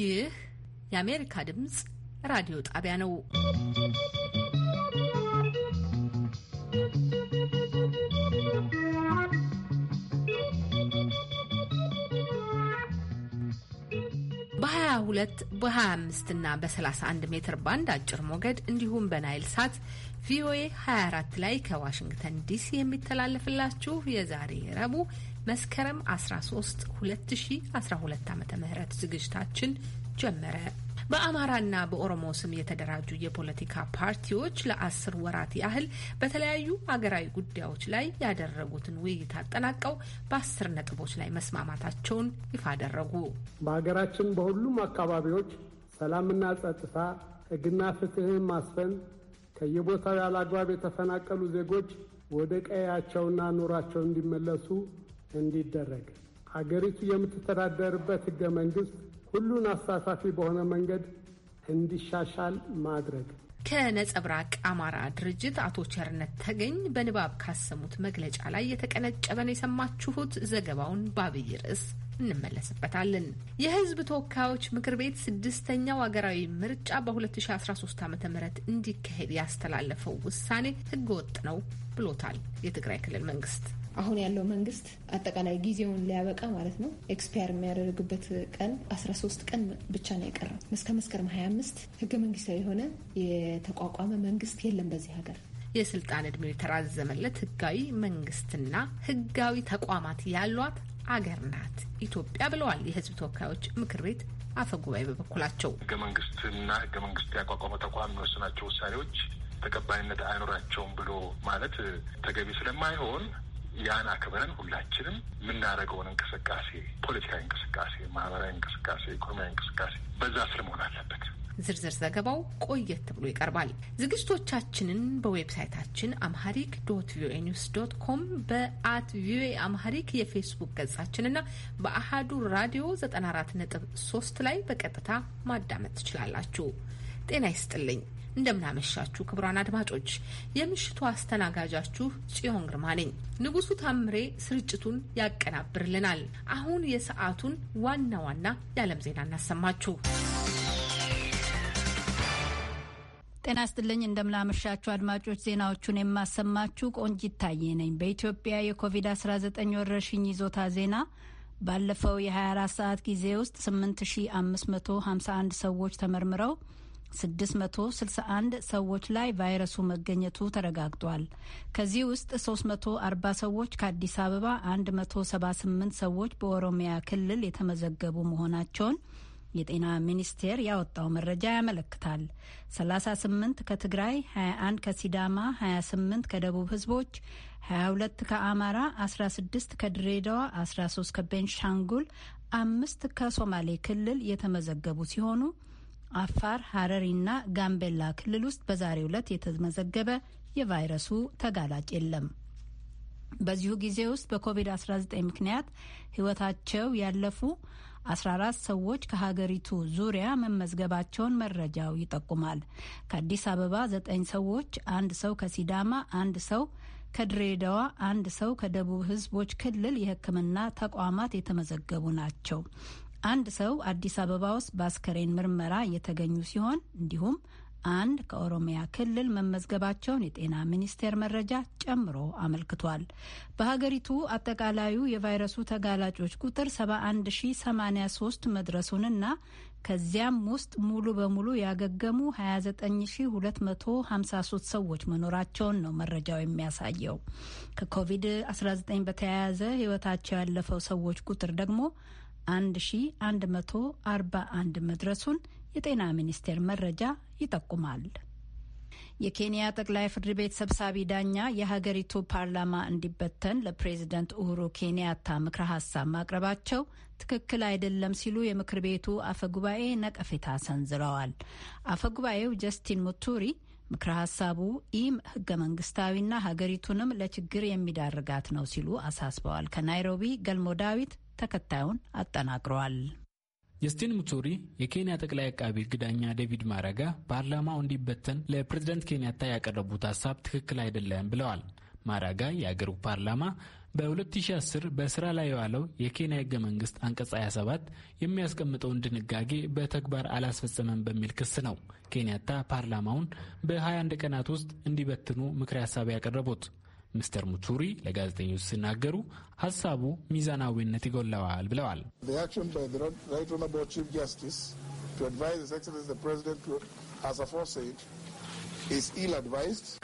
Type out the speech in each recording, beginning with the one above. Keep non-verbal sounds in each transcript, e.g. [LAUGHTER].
ይህ የአሜሪካ ድምፅ ራዲዮ ጣቢያ ነው። በ22 በ25 እና በ31 ሜትር ባንድ አጭር ሞገድ እንዲሁም በናይል ሳት ቪኦኤ 24 ላይ ከዋሽንግተን ዲሲ የሚተላለፍላችሁ የዛሬ ረቡዕ መስከረም 13 2012 ዓ ም ዝግጅታችን ጀመረ። በአማራና በኦሮሞ ስም የተደራጁ የፖለቲካ ፓርቲዎች ለአስር ወራት ያህል በተለያዩ አገራዊ ጉዳዮች ላይ ያደረጉትን ውይይት አጠናቀው በአስር ነጥቦች ላይ መስማማታቸውን ይፋ አደረጉ። በሀገራችን በሁሉም አካባቢዎች ሰላምና ጸጥታ፣ ሕግና ፍትህን ማስፈን፣ ከየቦታው ያለ አግባብ የተፈናቀሉ ዜጎች ወደ ቀያቸውና ኑሯቸው እንዲመለሱ እንዲደረግ አገሪቱ የምትተዳደርበት ህገ መንግስት ሁሉን አሳታፊ በሆነ መንገድ እንዲሻሻል ማድረግ ከነጸብራቅ አማራ ድርጅት አቶ ቸርነት ተገኝ በንባብ ካሰሙት መግለጫ ላይ የተቀነጨበን የሰማችሁት። ዘገባውን በአብይ ርዕስ እንመለስበታለን። የህዝብ ተወካዮች ምክር ቤት ስድስተኛው ሀገራዊ ምርጫ በ2013 ዓ ም እንዲካሄድ ያስተላለፈው ውሳኔ ህገወጥ ነው ብሎታል የትግራይ ክልል መንግስት። አሁን ያለው መንግስት አጠቃላይ ጊዜውን ሊያበቃ ማለት ነው ኤክስፓየር የሚያደርግበት ቀን 13 ቀን ብቻ ነው የቀረው። እስከ መስከረም 25 ህገ መንግስታዊ የሆነ የተቋቋመ መንግስት የለም በዚህ ሀገር። የስልጣን እድሜ የተራዘመለት ህጋዊ መንግስትና ህጋዊ ተቋማት ያሏት አገር ናት ኢትዮጵያ ብለዋል የህዝብ ተወካዮች ምክር ቤት አፈ ጉባኤ በበኩላቸው ህገ መንግስትና ህገ መንግስት ያቋቋመ ተቋም የሚወስናቸው ውሳኔዎች ተቀባይነት አይኖራቸውም ብሎ ማለት ተገቢ ስለማይሆን ያን አክብረን ሁላችንም የምናደርገውን እንቅስቃሴ ፖለቲካዊ እንቅስቃሴ፣ ማህበራዊ እንቅስቃሴ፣ ኢኮኖሚያዊ እንቅስቃሴ በዛ ስር መሆን አለበት። ዝርዝር ዘገባው ቆየት ብሎ ይቀርባል። ዝግጅቶቻችንን በዌብሳይታችን አምሃሪክ ዶት ቪኦኤ ኒውስ ዶት ኮም በአት ቪኦኤ አምሃሪክ የፌስቡክ ገጻችንና በአሃዱ ራዲዮ 94.3 ላይ በቀጥታ ማዳመጥ ትችላላችሁ። ጤና ይስጥልኝ። እንደምናመሻችሁ ክቡራን አድማጮች፣ የምሽቱ አስተናጋጃችሁ ጽዮን ግርማ ነኝ። ንጉሱ ታምሬ ስርጭቱን ያቀናብርልናል። አሁን የሰዓቱን ዋና ዋና የዓለም ዜና እናሰማችሁ። ጤና ይስጥልኝ እንደምናመሻችሁ አድማጮች፣ ዜናዎቹን የማሰማችሁ ቆንጂት ታዬ ነኝ። በኢትዮጵያ የኮቪድ-19 ወረርሽኝ ይዞታ ዜና ባለፈው የ24 ሰዓት ጊዜ ውስጥ 8551 ሰዎች ተመርምረው 661 ሰዎች ላይ ቫይረሱ መገኘቱ ተረጋግጧል። ከዚህ ውስጥ 340 ሰዎች ከአዲስ አበባ፣ 178 ሰዎች በኦሮሚያ ክልል የተመዘገቡ መሆናቸውን የጤና ሚኒስቴር ያወጣው መረጃ ያመለክታል። 38 ከትግራይ፣ 21 ከሲዳማ፣ 28 ከደቡብ ህዝቦች፣ 22 ከአማራ፣ 16 ከድሬዳዋ፣ 13 ከቤንሻንጉል፣ አምስት ከሶማሌ ክልል የተመዘገቡ ሲሆኑ አፋር፣ ሀረሪና ጋምቤላ ክልል ውስጥ በዛሬው ዕለት የተመዘገበ የቫይረሱ ተጋላጭ የለም። በዚሁ ጊዜ ውስጥ በኮቪድ-19 ምክንያት ሕይወታቸው ያለፉ 14 ሰዎች ከሀገሪቱ ዙሪያ መመዝገባቸውን መረጃው ይጠቁማል። ከአዲስ አበባ 9 ሰዎች፣ አንድ ሰው ከሲዳማ፣ አንድ ሰው ከድሬዳዋ አንድ ሰው ከደቡብ ህዝቦች ክልል የሕክምና ተቋማት የተመዘገቡ ናቸው። አንድ ሰው አዲስ አበባ ውስጥ በአስከሬን ምርመራ እየተገኙ ሲሆን እንዲሁም አንድ ከኦሮሚያ ክልል መመዝገባቸውን የጤና ሚኒስቴር መረጃ ጨምሮ አመልክቷል። በሀገሪቱ አጠቃላዩ የቫይረሱ ተጋላጮች ቁጥር 71083 መድረሱንና ከዚያም ውስጥ ሙሉ በሙሉ ያገገሙ 29253 ሰዎች መኖራቸውን ነው መረጃው የሚያሳየው። ከኮቪድ-19 በተያያዘ ሕይወታቸው ያለፈው ሰዎች ቁጥር ደግሞ 1141 መድረሱን የጤና ሚኒስቴር መረጃ ይጠቁማል። የኬንያ ጠቅላይ ፍርድ ቤት ሰብሳቢ ዳኛ የሀገሪቱ ፓርላማ እንዲበተን ለፕሬዝደንት ኡሁሩ ኬንያታ ምክረ ሀሳብ ማቅረባቸው ትክክል አይደለም ሲሉ የምክር ቤቱ አፈ ጉባኤ ነቀፌታ ሰንዝረዋል። አፈ ጉባኤው ጀስቲን ሙቱሪ ምክረ ሀሳቡ ኢም ህገ መንግስታዊና ሀገሪቱንም ለችግር የሚዳርጋት ነው ሲሉ አሳስበዋል። ከናይሮቢ ገልሞ ዳዊት ተከታዩን አጠናቅረዋል። ጀስቲን ሙቱሪ የኬንያ ጠቅላይ አቃቢ ሕግ ዳኛ ዴቪድ ማረጋ ፓርላማው እንዲበተን ለፕሬዝደንት ኬንያታ ያቀረቡት ሀሳብ ትክክል አይደለም ብለዋል። ማራጋ የአገሩ ፓርላማ በ2010 በስራ ላይ የዋለው የኬንያ ህገ መንግስት አንቀጽ 27 የሚያስቀምጠውን ድንጋጌ በተግባር አላስፈጸመም በሚል ክስ ነው ኬንያታ ፓርላማውን በ21 ቀናት ውስጥ እንዲበትኑ ምክረ ሀሳብ ያቀረቡት። ሚስተር ሙቱሪ ለጋዜጠኞች ሲናገሩ ሀሳቡ ሚዛናዊነት ይጎላዋል ብለዋል።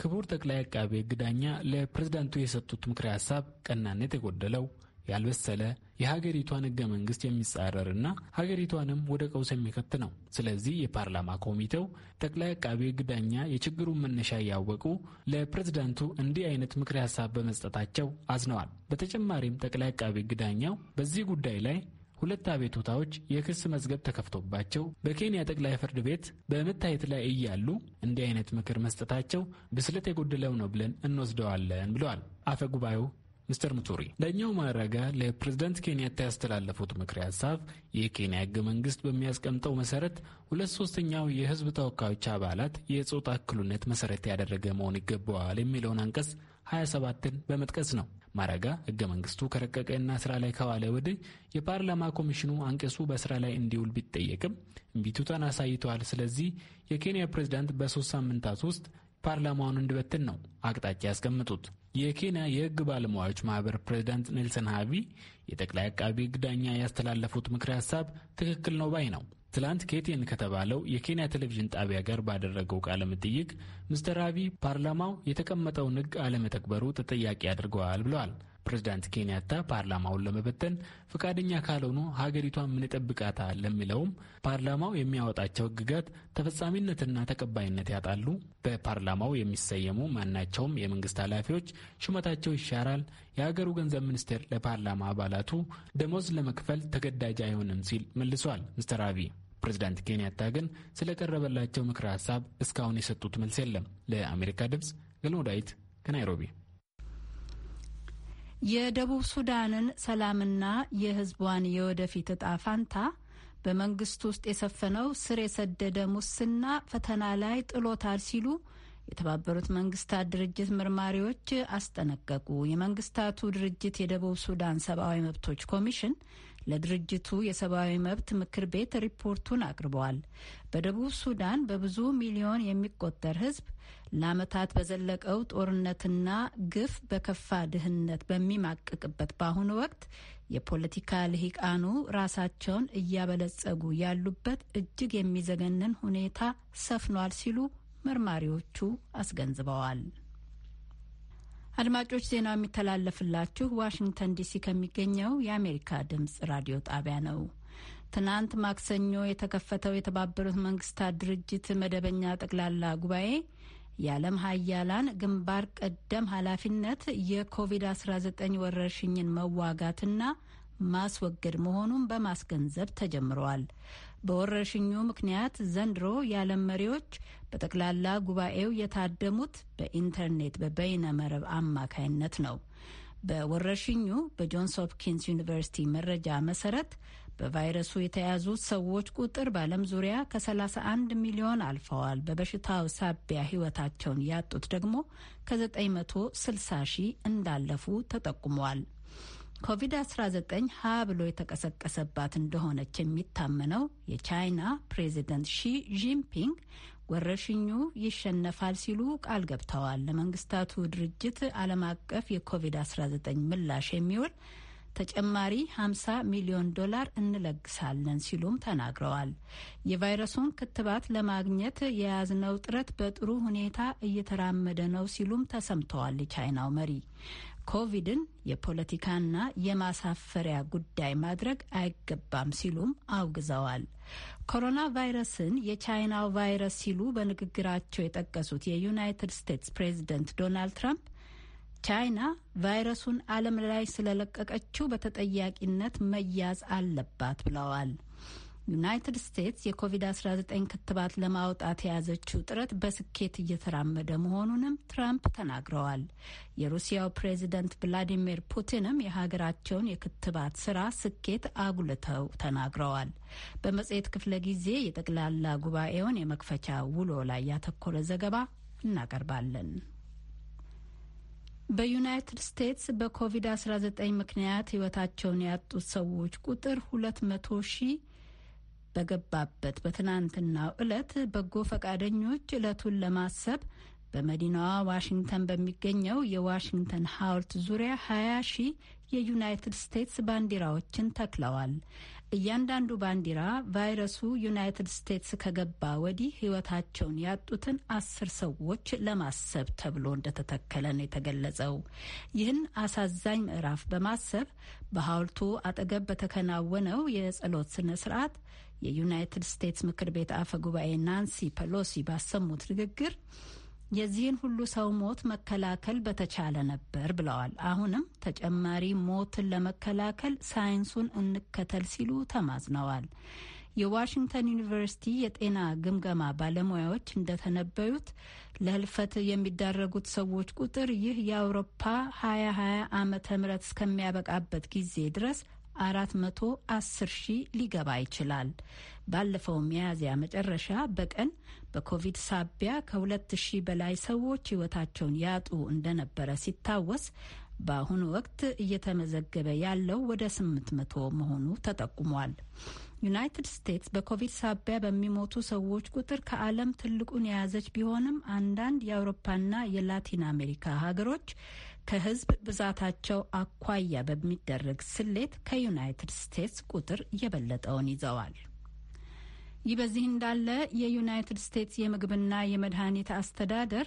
ክቡር ጠቅላይ አቃቤ ግዳኛ ዳኛ የሰጡት ምክረ ሀሳብ ቀናነት የጎደለው ያልበሰለ የሀገሪቷን ህገ መንግስት የሚጻረርና ሀገሪቷንም ወደ ቀውስ የሚከት ነው። ስለዚህ የፓርላማ ኮሚቴው ጠቅላይ አቃቤ ህግ ዳኛ የችግሩን መነሻ እያወቁ ለፕሬዝዳንቱ እንዲህ አይነት ምክር ሀሳብ በመስጠታቸው አዝነዋል። በተጨማሪም ጠቅላይ አቃቤ ህግ ዳኛው በዚህ ጉዳይ ላይ ሁለት አቤቱታዎች የክስ መዝገብ ተከፍቶባቸው በኬንያ ጠቅላይ ፍርድ ቤት በመታየት ላይ እያሉ እንዲህ አይነት ምክር መስጠታቸው ብስለት የጎደለው ነው ብለን እንወስደዋለን ብለዋል አፈ ጉባኤው ሚስተር ሙቱሪ ዳኛው ማዕረጋ ለፕሬዝዳንት ኬንያታ ያስተላለፉት ምክረ ሀሳብ የኬንያ ህገ መንግስት በሚያስቀምጠው መሰረት ሁለት ሶስተኛው የህዝብ ተወካዮች አባላት የጾታ እኩልነት መሰረት ያደረገ መሆን ይገባዋል የሚለውን አንቀጽ 27ን በመጥቀስ ነው። ማረጋ ህገ መንግስቱ ከረቀቀና ስራ ላይ ከዋለ ወዲህ የፓርላማ ኮሚሽኑ አንቀጹ በስራ ላይ እንዲውል ቢጠየቅም እምቢቱታን አሳይተዋል። ስለዚህ የኬንያ ፕሬዝዳንት በሶስት ሳምንታት ውስጥ ፓርላማውን እንዲበትን ነው አቅጣጫ ያስቀምጡት። የኬንያ የህግ ባለሙያዎች ማህበር ፕሬዚዳንት ኔልሰን ሃቪ የጠቅላይ አቃቢ ግዳኛ ዳኛ ያስተላለፉት ምክረ ሀሳብ ትክክል ነው ባይ ነው። ትላንት ኬቲን ከተባለው የኬንያ ቴሌቪዥን ጣቢያ ጋር ባደረገው ቃለ መጠይቅ ምስተር ሃቪ ፓርላማው የተቀመጠውን ህግ አለመተግበሩ ተጠያቂ አድርገዋል ብለዋል። ፕሬዚዳንት ኬንያታ ፓርላማውን ለመበተን ፈቃደኛ ካልሆኑ ሀገሪቷን ምን ለሚለውም ፓርላማው የሚያወጣቸው ሕግጋት ተፈጻሚነትና ተቀባይነት ያጣሉ። በፓርላማው የሚሰየሙ ማናቸውም የመንግስት ኃላፊዎች ሹመታቸው ይሻራል፣ የሀገሩ ገንዘብ ሚኒስቴር ለፓርላማ አባላቱ ደሞዝ ለመክፈል ተገዳጅ አይሆንም ሲል መልሷል ምስተር አቢ ፕሬዚዳንት ኬንያታ ግን ስለቀረበላቸው ምክረ ሀሳብ እስካሁን የሰጡት መልስ የለም። ለአሜሪካ ድምፅ ገልሞ ዳዊት ከናይሮቢ የደቡብ ሱዳንን ሰላምና የህዝቧን የወደፊት እጣ ፋንታ በመንግስት ውስጥ የሰፈነው ስር የሰደደ ሙስና ፈተና ላይ ጥሎታል ሲሉ የተባበሩት መንግስታት ድርጅት መርማሪዎች አስጠነቀቁ። የመንግስታቱ ድርጅት የደቡብ ሱዳን ሰብአዊ መብቶች ኮሚሽን ለድርጅቱ የሰብአዊ መብት ምክር ቤት ሪፖርቱን አቅርበዋል። በደቡብ ሱዳን በብዙ ሚሊዮን የሚቆጠር ህዝብ ለዓመታት በዘለቀው ጦርነትና ግፍ በከፋ ድህነት በሚማቅቅበት በአሁኑ ወቅት የፖለቲካ ልሂቃኑ ራሳቸውን እያበለጸጉ ያሉበት እጅግ የሚዘገንን ሁኔታ ሰፍኗል ሲሉ መርማሪዎቹ አስገንዝበዋል። አድማጮች፣ ዜናው የሚተላለፍላችሁ ዋሽንግተን ዲሲ ከሚገኘው የአሜሪካ ድምጽ ራዲዮ ጣቢያ ነው። ትናንት ማክሰኞ የተከፈተው የተባበሩት መንግስታት ድርጅት መደበኛ ጠቅላላ ጉባኤ የዓለም ሀያላን ግንባር ቀደም ኃላፊነት የኮቪድ-19 ወረርሽኝን መዋጋትና ማስወገድ መሆኑን በማስገንዘብ ተጀምረዋል። በወረርሽኙ ምክንያት ዘንድሮ የዓለም መሪዎች በጠቅላላ ጉባኤው የታደሙት በኢንተርኔት በበይነ መረብ አማካይነት ነው። በወረርሽኙ በጆንስ ሆፕኪንስ ዩኒቨርሲቲ መረጃ መሰረት በቫይረሱ የተያዙት ሰዎች ቁጥር በዓለም ዙሪያ ከ31 ሚሊዮን አልፈዋል። በበሽታው ሳቢያ ሕይወታቸውን ያጡት ደግሞ ከ960 ሺህ እንዳለፉ ተጠቁመዋል። ኮቪድ-19 ሀ ብሎ የተቀሰቀሰባት እንደሆነች የሚታመነው የቻይና ፕሬዚደንት ሺ ጂንፒንግ ወረርሽኙ ይሸነፋል ሲሉ ቃል ገብተዋል። ለመንግስታቱ ድርጅት ዓለም አቀፍ የኮቪድ-19 ምላሽ የሚውል ተጨማሪ 50 ሚሊዮን ዶላር እንለግሳለን ሲሉም ተናግረዋል። የቫይረሱን ክትባት ለማግኘት የያዝነው ጥረት በጥሩ ሁኔታ እየተራመደ ነው ሲሉም ተሰምተዋል። የቻይናው መሪ ኮቪድን የፖለቲካና የማሳፈሪያ ጉዳይ ማድረግ አይገባም ሲሉም አውግዘዋል። ኮሮና ቫይረስን የቻይናው ቫይረስ ሲሉ በንግግራቸው የጠቀሱት የዩናይትድ ስቴትስ ፕሬዝደንት ዶናልድ ትራምፕ ቻይና ቫይረሱን ዓለም ላይ ስለለቀቀችው በተጠያቂነት መያዝ አለባት ብለዋል። ዩናይትድ ስቴትስ የኮቪድ-19 ክትባት ለማውጣት የያዘችው ጥረት በስኬት እየተራመደ መሆኑንም ትራምፕ ተናግረዋል። የሩሲያው ፕሬዚደንት ቭላዲሚር ፑቲንም የሀገራቸውን የክትባት ስራ ስኬት አጉልተው ተናግረዋል። በመጽሔት ክፍለ ጊዜ የጠቅላላ ጉባኤውን የመክፈቻ ውሎ ላይ ያተኮረ ዘገባ እናቀርባለን። በዩናይትድ ስቴትስ በኮቪድ-19 ምክንያት ህይወታቸውን ያጡት ሰዎች ቁጥር ሁለት መቶ ሺህ በገባበት በትናንትናው ዕለት በጎ ፈቃደኞች ዕለቱን ለማሰብ በመዲናዋ ዋሽንግተን በሚገኘው የዋሽንግተን ሐውልት ዙሪያ 20 ሺህ የዩናይትድ ስቴትስ ባንዲራዎችን ተክለዋል። እያንዳንዱ ባንዲራ ቫይረሱ ዩናይትድ ስቴትስ ከገባ ወዲህ ሕይወታቸውን ያጡትን አስር ሰዎች ለማሰብ ተብሎ እንደተተከለ ነው የተገለጸው። ይህን አሳዛኝ ምዕራፍ በማሰብ በሐውልቱ አጠገብ በተከናወነው የጸሎት ስነ ስርዓት የዩናይትድ ስቴትስ ምክር ቤት አፈ ጉባኤ ናንሲ ፐሎሲ ባሰሙት ንግግር የዚህን ሁሉ ሰው ሞት መከላከል በተቻለ ነበር ብለዋል። አሁንም ተጨማሪ ሞትን ለመከላከል ሳይንሱን እንከተል ሲሉ ተማጽነዋል። የዋሽንግተን ዩኒቨርሲቲ የጤና ግምገማ ባለሙያዎች እንደተነበዩት ለህልፈት የሚዳረጉት ሰዎች ቁጥር ይህ የአውሮፓ 2020 ዓመተ ምህረት እስከሚያበቃበት ጊዜ ድረስ አራት መቶ አስር ሺህ ሊገባ ይችላል። ባለፈው ሚያዝያ መጨረሻ በቀን በኮቪድ ሳቢያ ከሁለት ሺህ በላይ ሰዎች ሕይወታቸውን ያጡ እንደነበረ ሲታወስ በአሁኑ ወቅት እየተመዘገበ ያለው ወደ ስምንት መቶ መሆኑ ተጠቁሟል። ዩናይትድ ስቴትስ በኮቪድ ሳቢያ በሚሞቱ ሰዎች ቁጥር ከዓለም ትልቁን የያዘች ቢሆንም አንዳንድ የአውሮፓና የላቲን አሜሪካ ሀገሮች ከህዝብ ብዛታቸው አኳያ በሚደረግ ስሌት ከዩናይትድ ስቴትስ ቁጥር የበለጠውን ይዘዋል። ይህ በዚህ እንዳለ የዩናይትድ ስቴትስ የምግብና የመድኃኒት አስተዳደር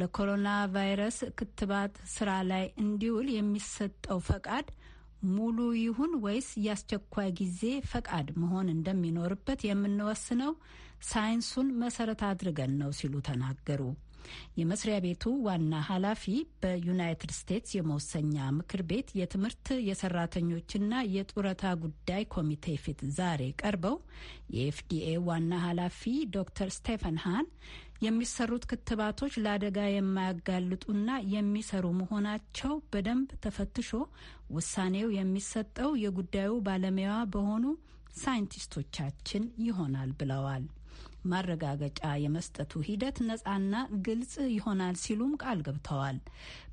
ለኮሮና ቫይረስ ክትባት ስራ ላይ እንዲውል የሚሰጠው ፈቃድ ሙሉ ይሁን ወይስ የአስቸኳይ ጊዜ ፈቃድ መሆን እንደሚኖርበት የምንወስነው ሳይንሱን መሰረት አድርገን ነው ሲሉ ተናገሩ። የመስሪያ ቤቱ ዋና ኃላፊ በዩናይትድ ስቴትስ የመወሰኛ ምክር ቤት የትምህርት የሰራተኞችና የጡረታ ጉዳይ ኮሚቴ ፊት ዛሬ ቀርበው የኤፍዲኤ ዋና ኃላፊ ዶክተር ስቴፈን ሃን የሚሰሩት ክትባቶች ለአደጋ የማያጋልጡና የሚሰሩ መሆናቸው በደንብ ተፈትሾ ውሳኔው የሚሰጠው የጉዳዩ ባለሙያ በሆኑ ሳይንቲስቶቻችን ይሆናል ብለዋል። ማረጋገጫ የመስጠቱ ሂደት ነጻና ግልጽ ይሆናል ሲሉም ቃል ገብተዋል።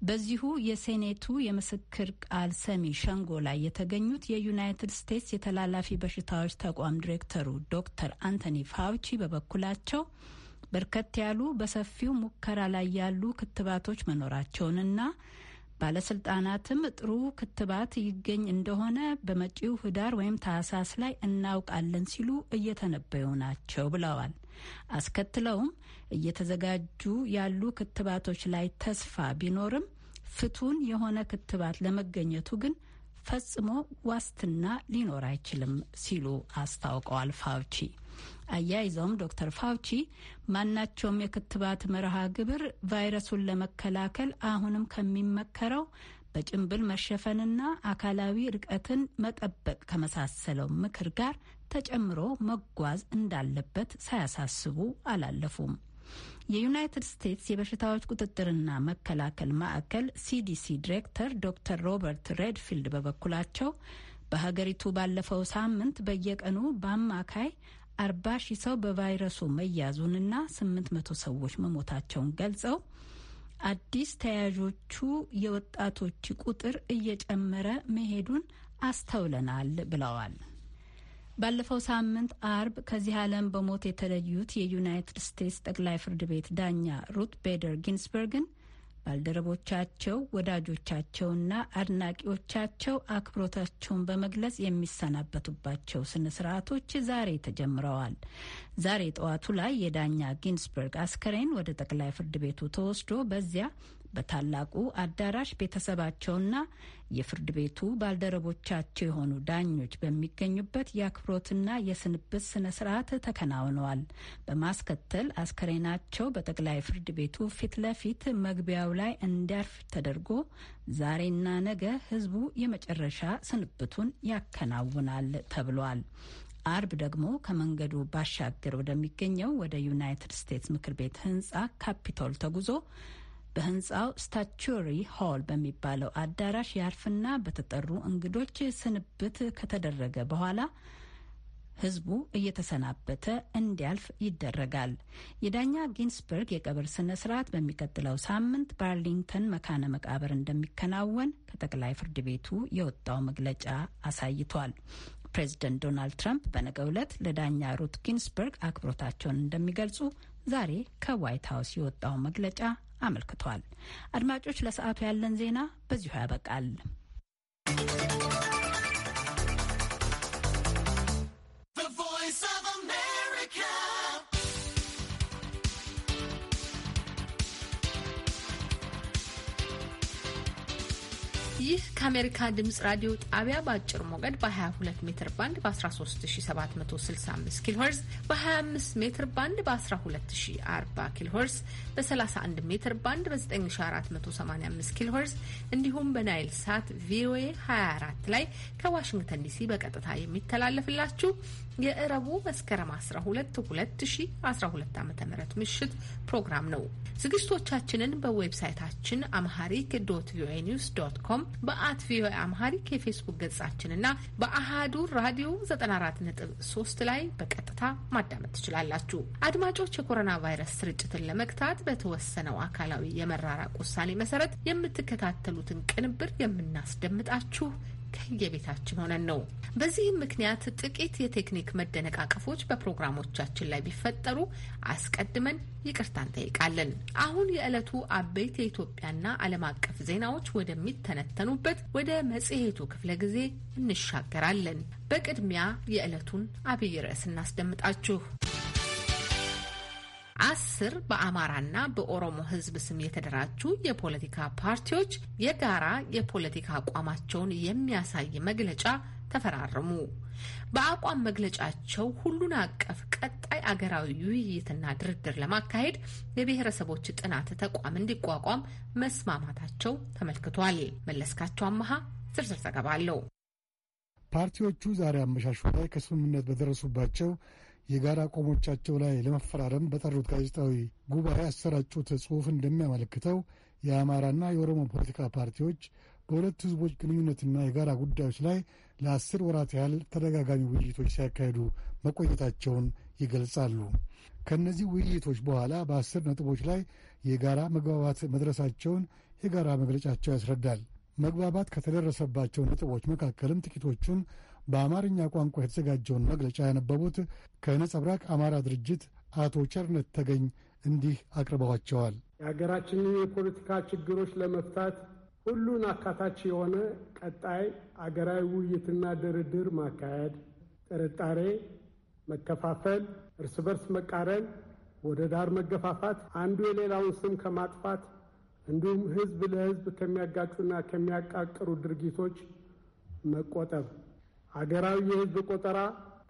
በዚሁ የሴኔቱ የምስክር ቃል ሰሚ ሸንጎ ላይ የተገኙት የዩናይትድ ስቴትስ የተላላፊ በሽታዎች ተቋም ዲሬክተሩ ዶክተር አንቶኒ ፋውቺ በበኩላቸው በርከት ያሉ በሰፊው ሙከራ ላይ ያሉ ክትባቶች መኖራቸውንና ባለስልጣናትም ጥሩ ክትባት ይገኝ እንደሆነ በመጪው ህዳር ወይም ታህሳስ ላይ እናውቃለን ሲሉ እየተነበዩ ናቸው ብለዋል። አስከትለውም እየተዘጋጁ ያሉ ክትባቶች ላይ ተስፋ ቢኖርም ፍቱን የሆነ ክትባት ለመገኘቱ ግን ፈጽሞ ዋስትና ሊኖር አይችልም ሲሉ አስታውቀዋል ፋውቺ አያይዘውም ዶክተር ፋውቺ ማናቸውም የክትባት መርሃ ግብር ቫይረሱን ለመከላከል አሁንም ከሚመከረው በጭንብል መሸፈንና አካላዊ ርቀትን መጠበቅ ከመሳሰለው ምክር ጋር ተጨምሮ መጓዝ እንዳለበት ሳያሳስቡ አላለፉም። የዩናይትድ ስቴትስ የበሽታዎች ቁጥጥርና መከላከል ማዕከል ሲዲሲ ዲሬክተር ዶክተር ሮበርት ሬድፊልድ በበኩላቸው በሀገሪቱ ባለፈው ሳምንት በየቀኑ በአማካይ አርባ ሺህ ሰው በቫይረሱ መያዙንና ስምንት መቶ ሰዎች መሞታቸውን ገልጸው አዲስ ተያዦቹ የወጣቶች ቁጥር እየጨመረ መሄዱን አስተውለናል ብለዋል። ባለፈው ሳምንት አርብ ከዚህ ዓለም በሞት የተለዩት የዩናይትድ ስቴትስ ጠቅላይ ፍርድ ቤት ዳኛ ሩት ቤደር ጊንስበርግን ባልደረቦቻቸው፣ ወዳጆቻቸውና አድናቂዎቻቸው አክብሮታቸውን በመግለጽ የሚሰናበቱባቸው ስነ ስርዓቶች ዛሬ ተጀምረዋል። ዛሬ ጠዋቱ ላይ የዳኛ ጊንስበርግ አስከሬን ወደ ጠቅላይ ፍርድ ቤቱ ተወስዶ በዚያ በታላቁ አዳራሽ ቤተሰባቸውና የፍርድ ቤቱ ባልደረቦቻቸው የሆኑ ዳኞች በሚገኙበት የአክብሮትና የስንብት ስነ ስርዓት ተከናውነዋል። በማስከተል አስከሬናቸው በጠቅላይ ፍርድ ቤቱ ፊት ለፊት መግቢያው ላይ እንዲያርፍ ተደርጎ ዛሬና ነገ ህዝቡ የመጨረሻ ስንብቱን ያከናውናል ተብሏል። አርብ ደግሞ ከመንገዱ ባሻገር ወደሚገኘው ወደ ዩናይትድ ስቴትስ ምክር ቤት ህንጻ ካፒቶል ተጉዞ በህንፃው ስታቹሪ ሆል በሚባለው አዳራሽ ያርፍና በተጠሩ እንግዶች ስንብት ከተደረገ በኋላ ህዝቡ እየተሰናበተ እንዲያልፍ ይደረጋል። የዳኛ ጊንስበርግ የቀብር ስነ ስርዓት በሚቀጥለው ሳምንት በአርሊንግተን መካነ መቃብር እንደሚከናወን ከጠቅላይ ፍርድ ቤቱ የወጣው መግለጫ አሳይቷል። ፕሬዚደንት ዶናልድ ትራምፕ በነገ ዕለት ለዳኛ ሩት ጊንስበርግ አክብሮታቸውን እንደሚገልጹ ዛሬ ከዋይት ሀውስ የወጣው መግለጫ አመልክቷል። አድማጮች፣ ለሰዓቱ ያለን ዜና በዚሁ ያበቃል። ይህ ከአሜሪካ ድምጽ ራዲዮ ጣቢያ በአጭር ሞገድ በ22 ሜትር ባንድ በ13765 ኪሎ በ25 ሜትር ባንድ በ1240 ኪሎ በ31 ሜትር ባንድ በ9485 ኪሎ እንዲሁም በናይል ሳት ቪኦኤ 24 ላይ ከዋሽንግተን ዲሲ በቀጥታ የሚተላለፍላችሁ የእረቡ መስከረም 12 2012 ዓ ም ምሽት ፕሮግራም ነው። ዝግጅቶቻችንን በዌብሳይታችን አምሃሪክ ዶት ቪኦኤ ኒውስ ዶት ኮም በአት ቪኦኤ አምሃሪክ የፌስቡክ ገጻችንና በአሃዱ ራዲዮ 94.3 ላይ በቀጥታ ማዳመጥ ትችላላችሁ። አድማጮች የኮሮና ቫይረስ ስርጭትን ለመግታት በተወሰነው አካላዊ የመራራቅ ውሳኔ መሰረት የምትከታተሉትን ቅንብር የምናስደምጣችሁ ከየቤታችን ሆነን ነው። በዚህም ምክንያት ጥቂት የቴክኒክ መደነቃቀፎች በፕሮግራሞቻችን ላይ ቢፈጠሩ አስቀድመን ይቅርታ እንጠይቃለን። አሁን የዕለቱ አበይት የኢትዮጵያና ዓለም አቀፍ ዜናዎች ወደሚተነተኑበት ወደ መጽሔቱ ክፍለ ጊዜ እንሻገራለን። በቅድሚያ የዕለቱን አብይ ርዕስ እናስደምጣችሁ። አስር በአማራና በኦሮሞ ህዝብ ስም የተደራጁ የፖለቲካ ፓርቲዎች የጋራ የፖለቲካ አቋማቸውን የሚያሳይ መግለጫ ተፈራረሙ። በአቋም መግለጫቸው ሁሉን አቀፍ ቀጣይ አገራዊ ውይይትና ድርድር ለማካሄድ የብሔረሰቦች ጥናት ተቋም እንዲቋቋም መስማማታቸው ተመልክቷል። መለስካቸው አመሃ ዝርዝር ዘገባ አለው። ፓርቲዎቹ ዛሬ አመሻሹ ላይ ከስምምነት በደረሱባቸው የጋራ አቋሞቻቸው ላይ ለመፈራረም በጠሩት ጋዜጣዊ ጉባኤ ያሰራጩት ጽሑፍ እንደሚያመለክተው የአማራና የኦሮሞ ፖለቲካ ፓርቲዎች በሁለቱ ህዝቦች ግንኙነትና የጋራ ጉዳዮች ላይ ለአስር ወራት ያህል ተደጋጋሚ ውይይቶች ሲያካሄዱ መቆየታቸውን ይገልጻሉ። ከእነዚህ ውይይቶች በኋላ በአስር ነጥቦች ላይ የጋራ መግባባት መድረሳቸውን የጋራ መግለጫቸው ያስረዳል። መግባባት ከተደረሰባቸው ነጥቦች መካከልም ጥቂቶቹን በአማርኛ ቋንቋ የተዘጋጀውን መግለጫ ያነበቡት ከነጸብራቅ አማራ ድርጅት አቶ ቸርነት ተገኝ እንዲህ አቅርበዋቸዋል። የሀገራችንን የፖለቲካ ችግሮች ለመፍታት ሁሉን አካታች የሆነ ቀጣይ አገራዊ ውይይትና ድርድር ማካሄድ፣ ጥርጣሬ፣ መከፋፈል፣ እርስ በርስ መቃረን፣ ወደ ዳር መገፋፋት፣ አንዱ የሌላውን ስም ከማጥፋት እንዲሁም ሕዝብ ለሕዝብ ከሚያጋጩና ከሚያቃቅሩ ድርጊቶች መቆጠብ አገራዊ የህዝብ ቆጠራ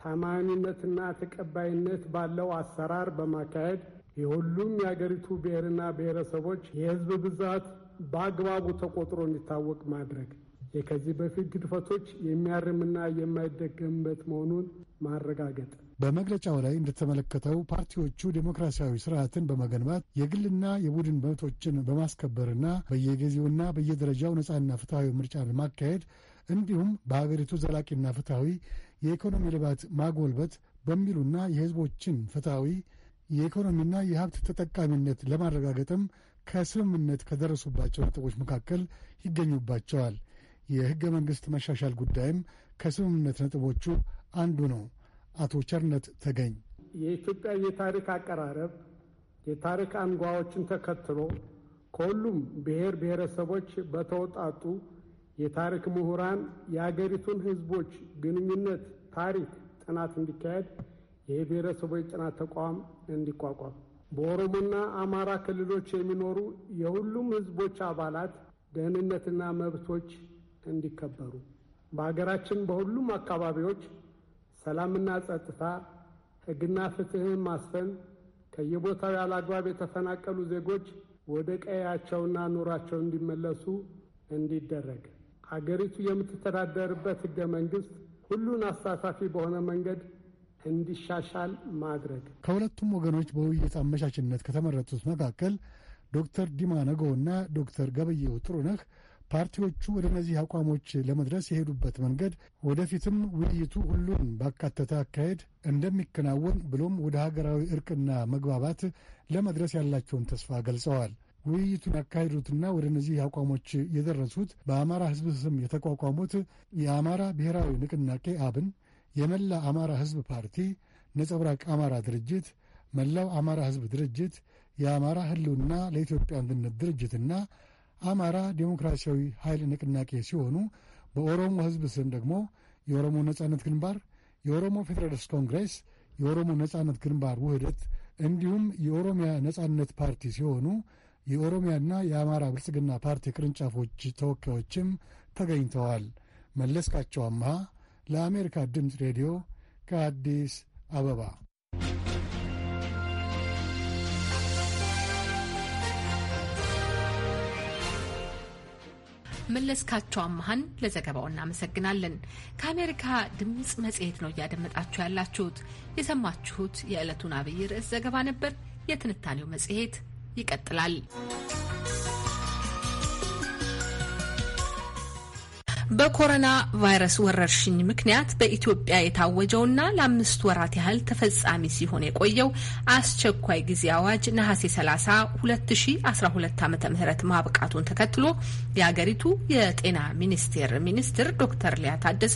ታማኒነትና ተቀባይነት ባለው አሰራር በማካሄድ የሁሉም የአገሪቱ ብሔርና ብሔረሰቦች የህዝብ ብዛት በአግባቡ ተቆጥሮ እንዲታወቅ ማድረግ የከዚህ በፊት ግድፈቶች የሚያርምና የማይደገምበት መሆኑን ማረጋገጥ። በመግለጫው ላይ እንደተመለከተው ፓርቲዎቹ ዴሞክራሲያዊ ስርዓትን በመገንባት የግልና የቡድን መብቶችን በማስከበርና በየጊዜውና በየደረጃው ነፃና ፍትሐዊ ምርጫን ማካሄድ እንዲሁም በሀገሪቱ ዘላቂና ፍትሐዊ የኢኮኖሚ ልባት ማጎልበት በሚሉና የህዝቦችን ፍትሐዊ የኢኮኖሚና የሀብት ተጠቃሚነት ለማረጋገጥም ከስምምነት ከደረሱባቸው ነጥቦች መካከል ይገኙባቸዋል። የህገ መንግሥት መሻሻል ጉዳይም ከስምምነት ነጥቦቹ አንዱ ነው። አቶ ቸርነት ተገኝ የኢትዮጵያ የታሪክ አቀራረብ የታሪክ አንጓዎችን ተከትሎ ከሁሉም ብሔር ብሔረሰቦች በተውጣጡ የታሪክ ምሁራን የአገሪቱን ህዝቦች ግንኙነት ታሪክ ጥናት እንዲካሄድ የብሔረሰቦች ጥናት ተቋም እንዲቋቋም፣ በኦሮሞና አማራ ክልሎች የሚኖሩ የሁሉም ህዝቦች አባላት ደህንነትና መብቶች እንዲከበሩ፣ በሀገራችን በሁሉም አካባቢዎች ሰላምና ጸጥታ፣ ህግና ፍትህን ማስፈን ከየቦታው ያለአግባብ የተፈናቀሉ ዜጎች ወደ ቀያቸውና ኑሯቸው እንዲመለሱ እንዲደረግ ሀገሪቱ የምትተዳደርበት ህገ መንግስት ሁሉን አሳታፊ በሆነ መንገድ እንዲሻሻል ማድረግ። ከሁለቱም ወገኖች በውይይት አመቻችነት ከተመረጡት መካከል ዶክተር ዲማ ነገው እና ዶክተር ገበየው ጥሩነህ ፓርቲዎቹ ወደ እነዚህ አቋሞች ለመድረስ የሄዱበት መንገድ ወደፊትም ውይይቱ ሁሉን ባካተተ አካሄድ እንደሚከናወን ብሎም ወደ ሀገራዊ እርቅና መግባባት ለመድረስ ያላቸውን ተስፋ ገልጸዋል። ውይይቱን ያካሄዱትና ወደ እነዚህ አቋሞች የደረሱት በአማራ ህዝብ ስም የተቋቋሙት የአማራ ብሔራዊ ንቅናቄ አብን፣ የመላ አማራ ህዝብ ፓርቲ፣ ነጸብራቅ አማራ ድርጅት፣ መላው አማራ ህዝብ ድርጅት፣ የአማራ ህልውና ለኢትዮጵያ አንድነት ድርጅትና አማራ ዴሞክራሲያዊ ኃይል ንቅናቄ ሲሆኑ በኦሮሞ ህዝብ ስም ደግሞ የኦሮሞ ነጻነት ግንባር፣ የኦሮሞ ፌዴራሊስት ኮንግሬስ፣ የኦሮሞ ነጻነት ግንባር ውህደት እንዲሁም የኦሮሚያ ነጻነት ፓርቲ ሲሆኑ የኦሮሚያና የአማራ ብልጽግና ፓርቲ ቅርንጫፎች ተወካዮችም ተገኝተዋል። መለስካቸው አምሃ ለአሜሪካ ድምፅ ሬዲዮ ከአዲስ አበባ። መለስካቸው አመሀን ለዘገባው እናመሰግናለን። ከአሜሪካ ድምፅ መጽሔት ነው እያደመጣችሁ ያላችሁት። የሰማችሁት የዕለቱን አብይ ርዕስ ዘገባ ነበር። የትንታኔው መጽሔት ይቀጥላል። በኮሮና ቫይረስ ወረርሽኝ ምክንያት በኢትዮጵያ የታወጀውና ለአምስት ወራት ያህል ተፈጻሚ ሲሆን የቆየው አስቸኳይ ጊዜ አዋጅ ነሐሴ 30 2012 ዓ ም ማብቃቱን ተከትሎ የአገሪቱ የጤና ሚኒስቴር ሚኒስትር ዶክተር ሊያ ታደሰ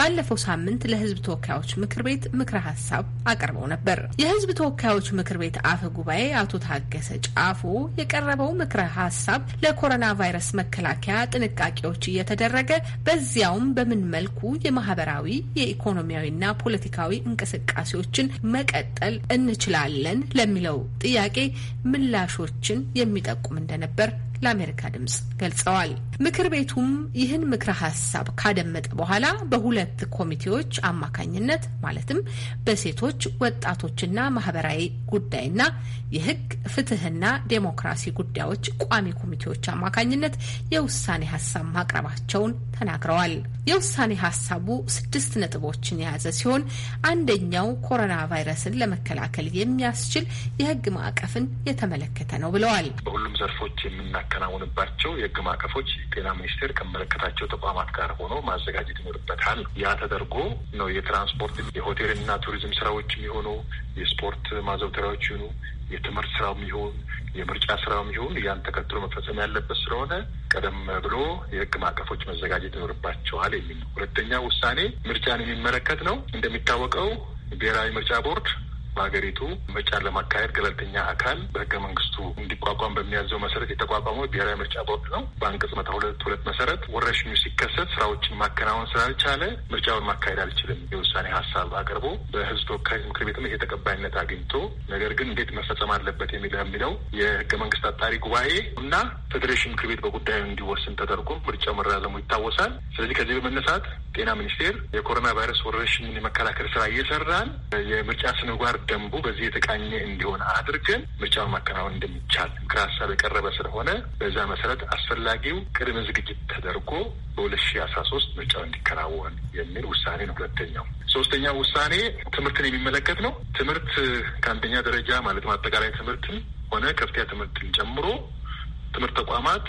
ባለፈው ሳምንት ለህዝብ ተወካዮች ምክር ቤት ምክረ ሀሳብ አቅርበው ነበር። የህዝብ ተወካዮች ምክር ቤት አፈ ጉባኤ አቶ ታገሰ ጫፎ የቀረበው ምክረ ሀሳብ ለኮሮና ቫይረስ መከላከያ ጥንቃቄዎች እየተደረገ በዚያውም በምን መልኩ የማህበራዊ የኢኮኖሚያዊና ፖለቲካዊ እንቅስቃሴዎችን መቀጠል እንችላለን ለሚለው ጥያቄ ምላሾችን የሚጠቁም እንደነበር ለአሜሪካ ድምጽ ገልጸዋል። ምክር ቤቱም ይህን ምክረ ሀሳብ ካደመጠ በኋላ በሁለት ኮሚቴዎች አማካኝነት ማለትም በሴቶች ወጣቶችና ማህበራዊ ጉዳይና የህግ ፍትህና ዴሞክራሲ ጉዳዮች ቋሚ ኮሚቴዎች አማካኝነት የውሳኔ ሀሳብ ማቅረባቸውን ተናግረዋል። የውሳኔ ሀሳቡ ስድስት ነጥቦችን የያዘ ሲሆን አንደኛው ኮሮና ቫይረስን ለመከላከል የሚያስችል የህግ ማዕቀፍን የተመለከተ ነው ብለዋል። በሁሉም ዘርፎች የምና የሚያከናውንባቸው የህግ ማዕቀፎች ጤና ሚኒስቴር ከመለከታቸው ተቋማት ጋር ሆኖ ማዘጋጀት ይኖርበታል። ያ ተደርጎ ነው የትራንስፖርት የሆቴልና ቱሪዝም ስራዎች የሚሆኑ የስፖርት ማዘውተሪያዎች ይሆኑ የትምህርት ስራው የሚሆን የምርጫ ስራው የሚሆን ያን ተከትሎ መፈጸም ያለበት ስለሆነ ቀደም ብሎ የህግ ማዕቀፎች መዘጋጀት ይኖርባቸዋል የሚል ነው። ሁለተኛ ውሳኔ ምርጫን የሚመለከት ነው። እንደሚታወቀው ብሔራዊ ምርጫ ቦርድ በሀገሪቱ ምርጫ ለማካሄድ ገለልተኛ አካል በህገ መንግስቱ እንዲቋቋም በሚያዘው መሰረት የተቋቋመው ብሔራዊ ምርጫ ቦርድ ነው። በአንቀጽ መቶ ሁለት ሁለት መሰረት ወረርሽኙ ሲከሰት ስራዎችን ማከናወን ስላልቻለ ምርጫውን ማካሄድ አልችልም የውሳኔ ሀሳብ አቅርቦ በህዝብ ተወካዮች ምክር ቤትም ይሄ ተቀባይነት አግኝቶ ነገር ግን እንዴት መፈጸም አለበት የሚለው የህገ መንግስት አጣሪ ጉባኤ እና ፌዴሬሽን ምክር ቤት በጉዳዩ እንዲወስን ተደርጎ ምርጫው መራዘሙ ይታወሳል። ስለዚህ ከዚህ በመነሳት ጤና ሚኒስቴር የኮሮና ቫይረስ ወረርሽኝን የመከላከል ስራ እየሰራን የምርጫ ስነጓር ደንቡ በዚህ የተቃኘ እንዲሆን አድርገን ምርጫውን ማከናወን እንደሚቻል ምክር ሀሳብ የቀረበ ስለሆነ በዛ መሰረት አስፈላጊው ቅድመ ዝግጅት ተደርጎ በሁለት ሺ አስራ ሶስት ምርጫው እንዲከናወን የሚል ውሳኔ ነው። ሁለተኛው ሶስተኛው ውሳኔ ትምህርትን የሚመለከት ነው። ትምህርት ከአንደኛ ደረጃ ማለት አጠቃላይ ትምህርትን ሆነ ከፍተኛ ትምህርትን ጨምሮ ትምህርት ተቋማት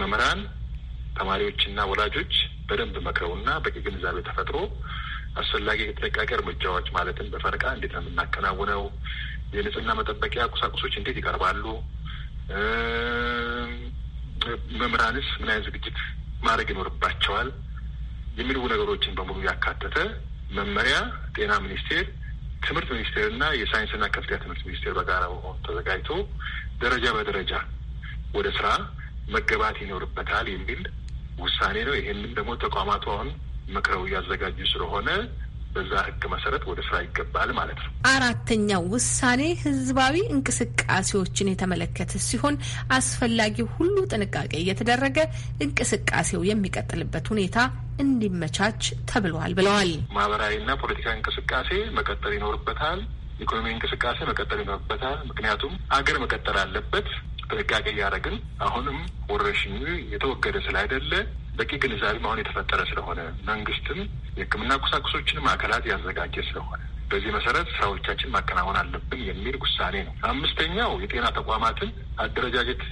መምህራን፣ ተማሪዎችና ወላጆች በደንብ መክረውና በቂ ግንዛቤ ተፈጥሮ አስፈላጊ የጥንቃቄ እርምጃዎች ማለትም በፈርቃ እንዴት ነው የምናከናውነው፣ የንጽህና መጠበቂያ ቁሳቁሶች እንዴት ይቀርባሉ፣ መምህራንስ ምን አይነት ዝግጅት ማድረግ ይኖርባቸዋል የሚሉ ነገሮችን በሙሉ ያካተተ መመሪያ ጤና ሚኒስቴር፣ ትምህርት ሚኒስቴር እና የሳይንስና ከፍተኛ ትምህርት ሚኒስቴር በጋራ በመሆኑ ተዘጋጅቶ ደረጃ በደረጃ ወደ ስራ መገባት ይኖርበታል የሚል ውሳኔ ነው። ይህንም ደግሞ ተቋማቱ አሁን መክረው እያዘጋጁ ስለሆነ በዛ ህግ መሰረት ወደ ስራ ይገባል ማለት ነው። አራተኛው ውሳኔ ህዝባዊ እንቅስቃሴዎችን የተመለከተ ሲሆን አስፈላጊ ሁሉ ጥንቃቄ እየተደረገ እንቅስቃሴው የሚቀጥልበት ሁኔታ እንዲመቻች ተብሏል ብለዋል። ማህበራዊና ፖለቲካዊ እንቅስቃሴ መቀጠል ይኖርበታል። ኢኮኖሚ እንቅስቃሴ መቀጠል ይኖርበታል። ምክንያቱም አገር መቀጠል አለበት። ጥንቃቄ እያደረግን አሁንም ወረርሽኙ የተወገደ ስላይደለ በቂ ግንዛቤ መሆን የተፈጠረ ስለሆነ መንግስትም የሕክምና ቁሳቁሶችን ማዕከላት ያዘጋጀ ስለሆነ በዚህ መሰረት ስራዎቻችን ማከናወን አለብን የሚል ውሳኔ ነው። አምስተኛው የጤና ተቋማትን አደረጃጀት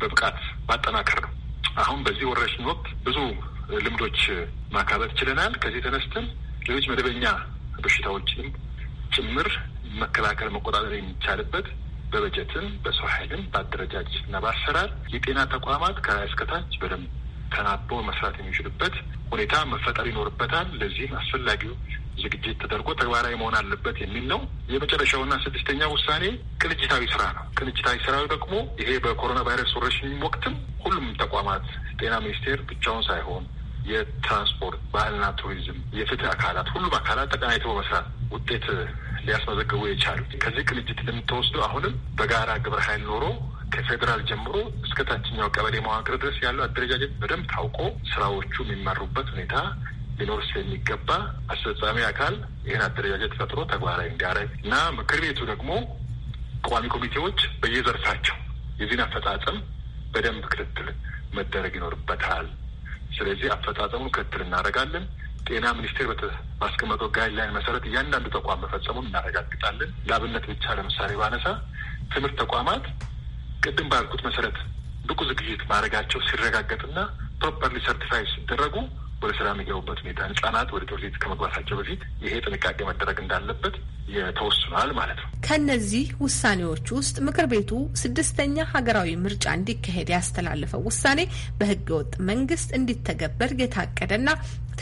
በብቃት ማጠናከር ነው። አሁን በዚህ ወረርሽኝ ወቅት ብዙ ልምዶች ማካበት ችለናል። ከዚህ ተነስተን ሌሎች መደበኛ በሽታዎችንም ጭምር መከላከል መቆጣጠር የሚቻልበት በበጀትም፣ በሰው ኃይልም፣ በአደረጃጀት እና በአሰራር የጤና ተቋማት ከላይ እስከታች በደንብ ተናቦ መስራት የሚችልበት ሁኔታ መፈጠር ይኖርበታል። ለዚህም አስፈላጊው ዝግጅት ተደርጎ ተግባራዊ መሆን አለበት የሚል ነው። የመጨረሻውና ስድስተኛ ውሳኔ ቅንጅታዊ ስራ ነው። ቅንጅታዊ ስራው ደግሞ ይሄ በኮሮና ቫይረስ ወረርሽኝ ወቅትም ሁሉም ተቋማት ጤና ሚኒስቴር ብቻውን ሳይሆን የትራንስፖርት፣ ባህልና ቱሪዝም፣ የፍትህ አካላት ሁሉም አካላት ተቀናይተው በመስራት ውጤት ሊያስመዘግቡ የቻሉ ከዚህ ቅንጅት እንደምትወስዱ አሁንም በጋራ ግብረ ኃይል ኖሮ ከፌዴራል ጀምሮ እስከ ታችኛው ቀበሌ መዋቅር ድረስ ያለው አደረጃጀት በደንብ ታውቆ ስራዎቹ የሚመሩበት ሁኔታ ሊኖር የሚገባ አስፈጻሚ አካል ይህን አደረጃጀት ፈጥሮ ተግባራዊ እንዲያደርግ እና ምክር ቤቱ ደግሞ ቋሚ ኮሚቴዎች በየዘርፋቸው የዚህን አፈጻጸም በደንብ ክትትል መደረግ ይኖርበታል። ስለዚህ አፈጻጸሙን ክትትል እናደርጋለን። ጤና ሚኒስቴር ባስቀመጠው ጋይድላይን መሰረት እያንዳንዱ ተቋም መፈጸሙን እናረጋግጣለን። ለአብነት ብቻ ለምሳሌ ባነሳ ትምህርት ተቋማት ቅድም ባልኩት መሰረት ብቁ ዝግጅት ማድረጋቸው ሲረጋገጥና ፕሮፐርሊ ሰርቲፋይ ሲደረጉ ወደ ስራ የሚገቡበት ሁኔታ ህጻናት ወደ ትምህርት ቤት ከመግባታቸው በፊት ይሄ ጥንቃቄ መደረግ እንዳለበት ተወስኗል ማለት ነው። ከነዚህ ውሳኔዎች ውስጥ ምክር ቤቱ ስድስተኛ ሀገራዊ ምርጫ እንዲካሄድ ያስተላለፈው ውሳኔ በህገ ወጥ መንግስት እንዲተገበር የታቀደና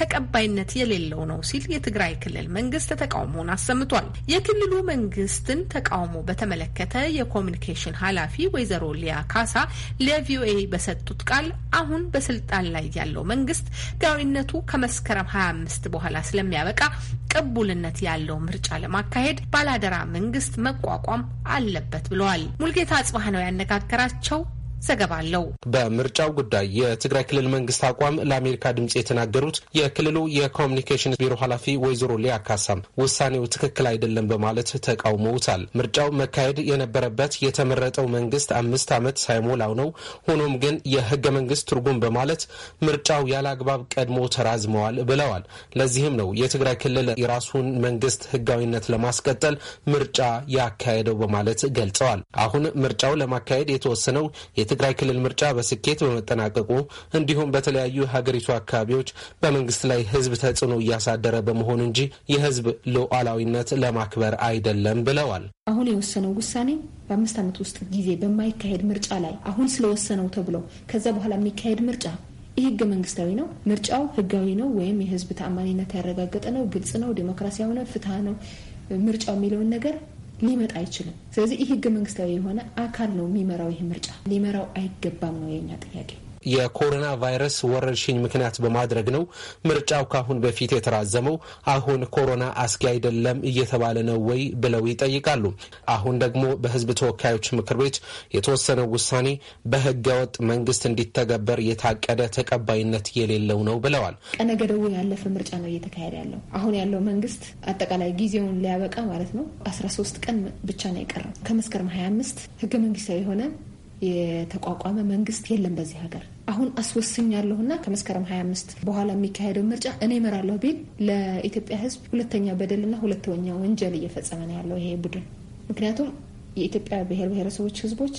ተቀባይነት የሌለው ነው ሲል የትግራይ ክልል መንግስት ተቃውሞውን አሰምቷል። የክልሉ መንግስትን ተቃውሞ በተመለከተ የኮሚኒኬሽን ኃላፊ ወይዘሮ ሊያ ካሳ ለቪኦኤ በሰጡት ቃል አሁን በስልጣን ላይ ያለው መንግስት ህጋዊነቱ ከመስከረም 25 በኋላ ስለሚያበቃ ቅቡልነት ያለው ምርጫ ለማካ እንዲካሄድ ባላደራ መንግስት መቋቋም አለበት ብለዋል። ሙልጌታ አጽባህ ነው ያነጋገራቸው። ዘገባ አለው። በምርጫው ጉዳይ የትግራይ ክልል መንግስት አቋም ለአሜሪካ ድምፅ የተናገሩት የክልሉ የኮሚኒኬሽን ቢሮ ኃላፊ ወይዘሮ ሊያ ካሳም ውሳኔው ትክክል አይደለም በማለት ተቃውመውታል። ምርጫው መካሄድ የነበረበት የተመረጠው መንግስት አምስት ዓመት ሳይሞላው ነው። ሆኖም ግን የህገ መንግስት ትርጉም በማለት ምርጫው ያለ አግባብ ቀድሞ ተራዝመዋል ብለዋል። ለዚህም ነው የትግራይ ክልል የራሱን መንግስት ህጋዊነት ለማስቀጠል ምርጫ ያካሄደው በማለት ገልጸዋል። አሁን ምርጫው ለማካሄድ የተወሰነው የትግራይ ክልል ምርጫ በስኬት በመጠናቀቁ እንዲሁም በተለያዩ ሀገሪቱ አካባቢዎች በመንግስት ላይ ህዝብ ተጽዕኖ እያሳደረ በመሆኑ እንጂ የህዝብ ሉዓላዊነት ለማክበር አይደለም ብለዋል። አሁን የወሰነው ውሳኔ በአምስት ዓመት ውስጥ ጊዜ በማይካሄድ ምርጫ ላይ አሁን ስለወሰነው ተብሎ ከዛ በኋላ የሚካሄድ ምርጫ ይህ ህገ መንግስታዊ ነው። ምርጫው ህጋዊ ነው ወይም የህዝብ ተአማኒነት ያረጋገጠ ነው፣ ግልጽ ነው፣ ዴሞክራሲያዊ ነው፣ ፍትሀ ነው ምርጫው የሚለውን ነገር ሊመጣ አይችልም። ስለዚህ ይህ ህገ መንግስታዊ የሆነ አካል ነው የሚመራው። ይህ ምርጫ ሊመራው አይገባም ነው የኛ ጥያቄ። የኮሮና ቫይረስ ወረርሽኝ ምክንያት በማድረግ ነው ምርጫው ካሁን በፊት የተራዘመው። አሁን ኮሮና አስጊ አይደለም እየተባለ ነው ወይ ብለው ይጠይቃሉ። አሁን ደግሞ በህዝብ ተወካዮች ምክር ቤት የተወሰነው ውሳኔ በህገወጥ መንግስት እንዲተገበር የታቀደ ተቀባይነት የሌለው ነው ብለዋል። ቀነ ገደቡ ያለፈ ምርጫ ነው እየተካሄደ ያለው። አሁን ያለው መንግስት አጠቃላይ ጊዜውን ሊያበቃ ማለት ነው 13 ቀን ብቻ ነው የቀረው ከመስከረም 25 ህገ መንግስታዊ የሆነ የተቋቋመ መንግስት የለም በዚህ ሀገር። አሁን አስወስኛለሁና ከመስከረም 25 በኋላ የሚካሄደው ምርጫ እኔ እመራለሁ ቢል ለኢትዮጵያ ሕዝብ ሁለተኛ በደልና ሁለተኛ ወንጀል እየፈጸመ ነው ያለው ይሄ ቡድን። ምክንያቱም የኢትዮጵያ ብሔር ብሔረሰቦች ሕዝቦች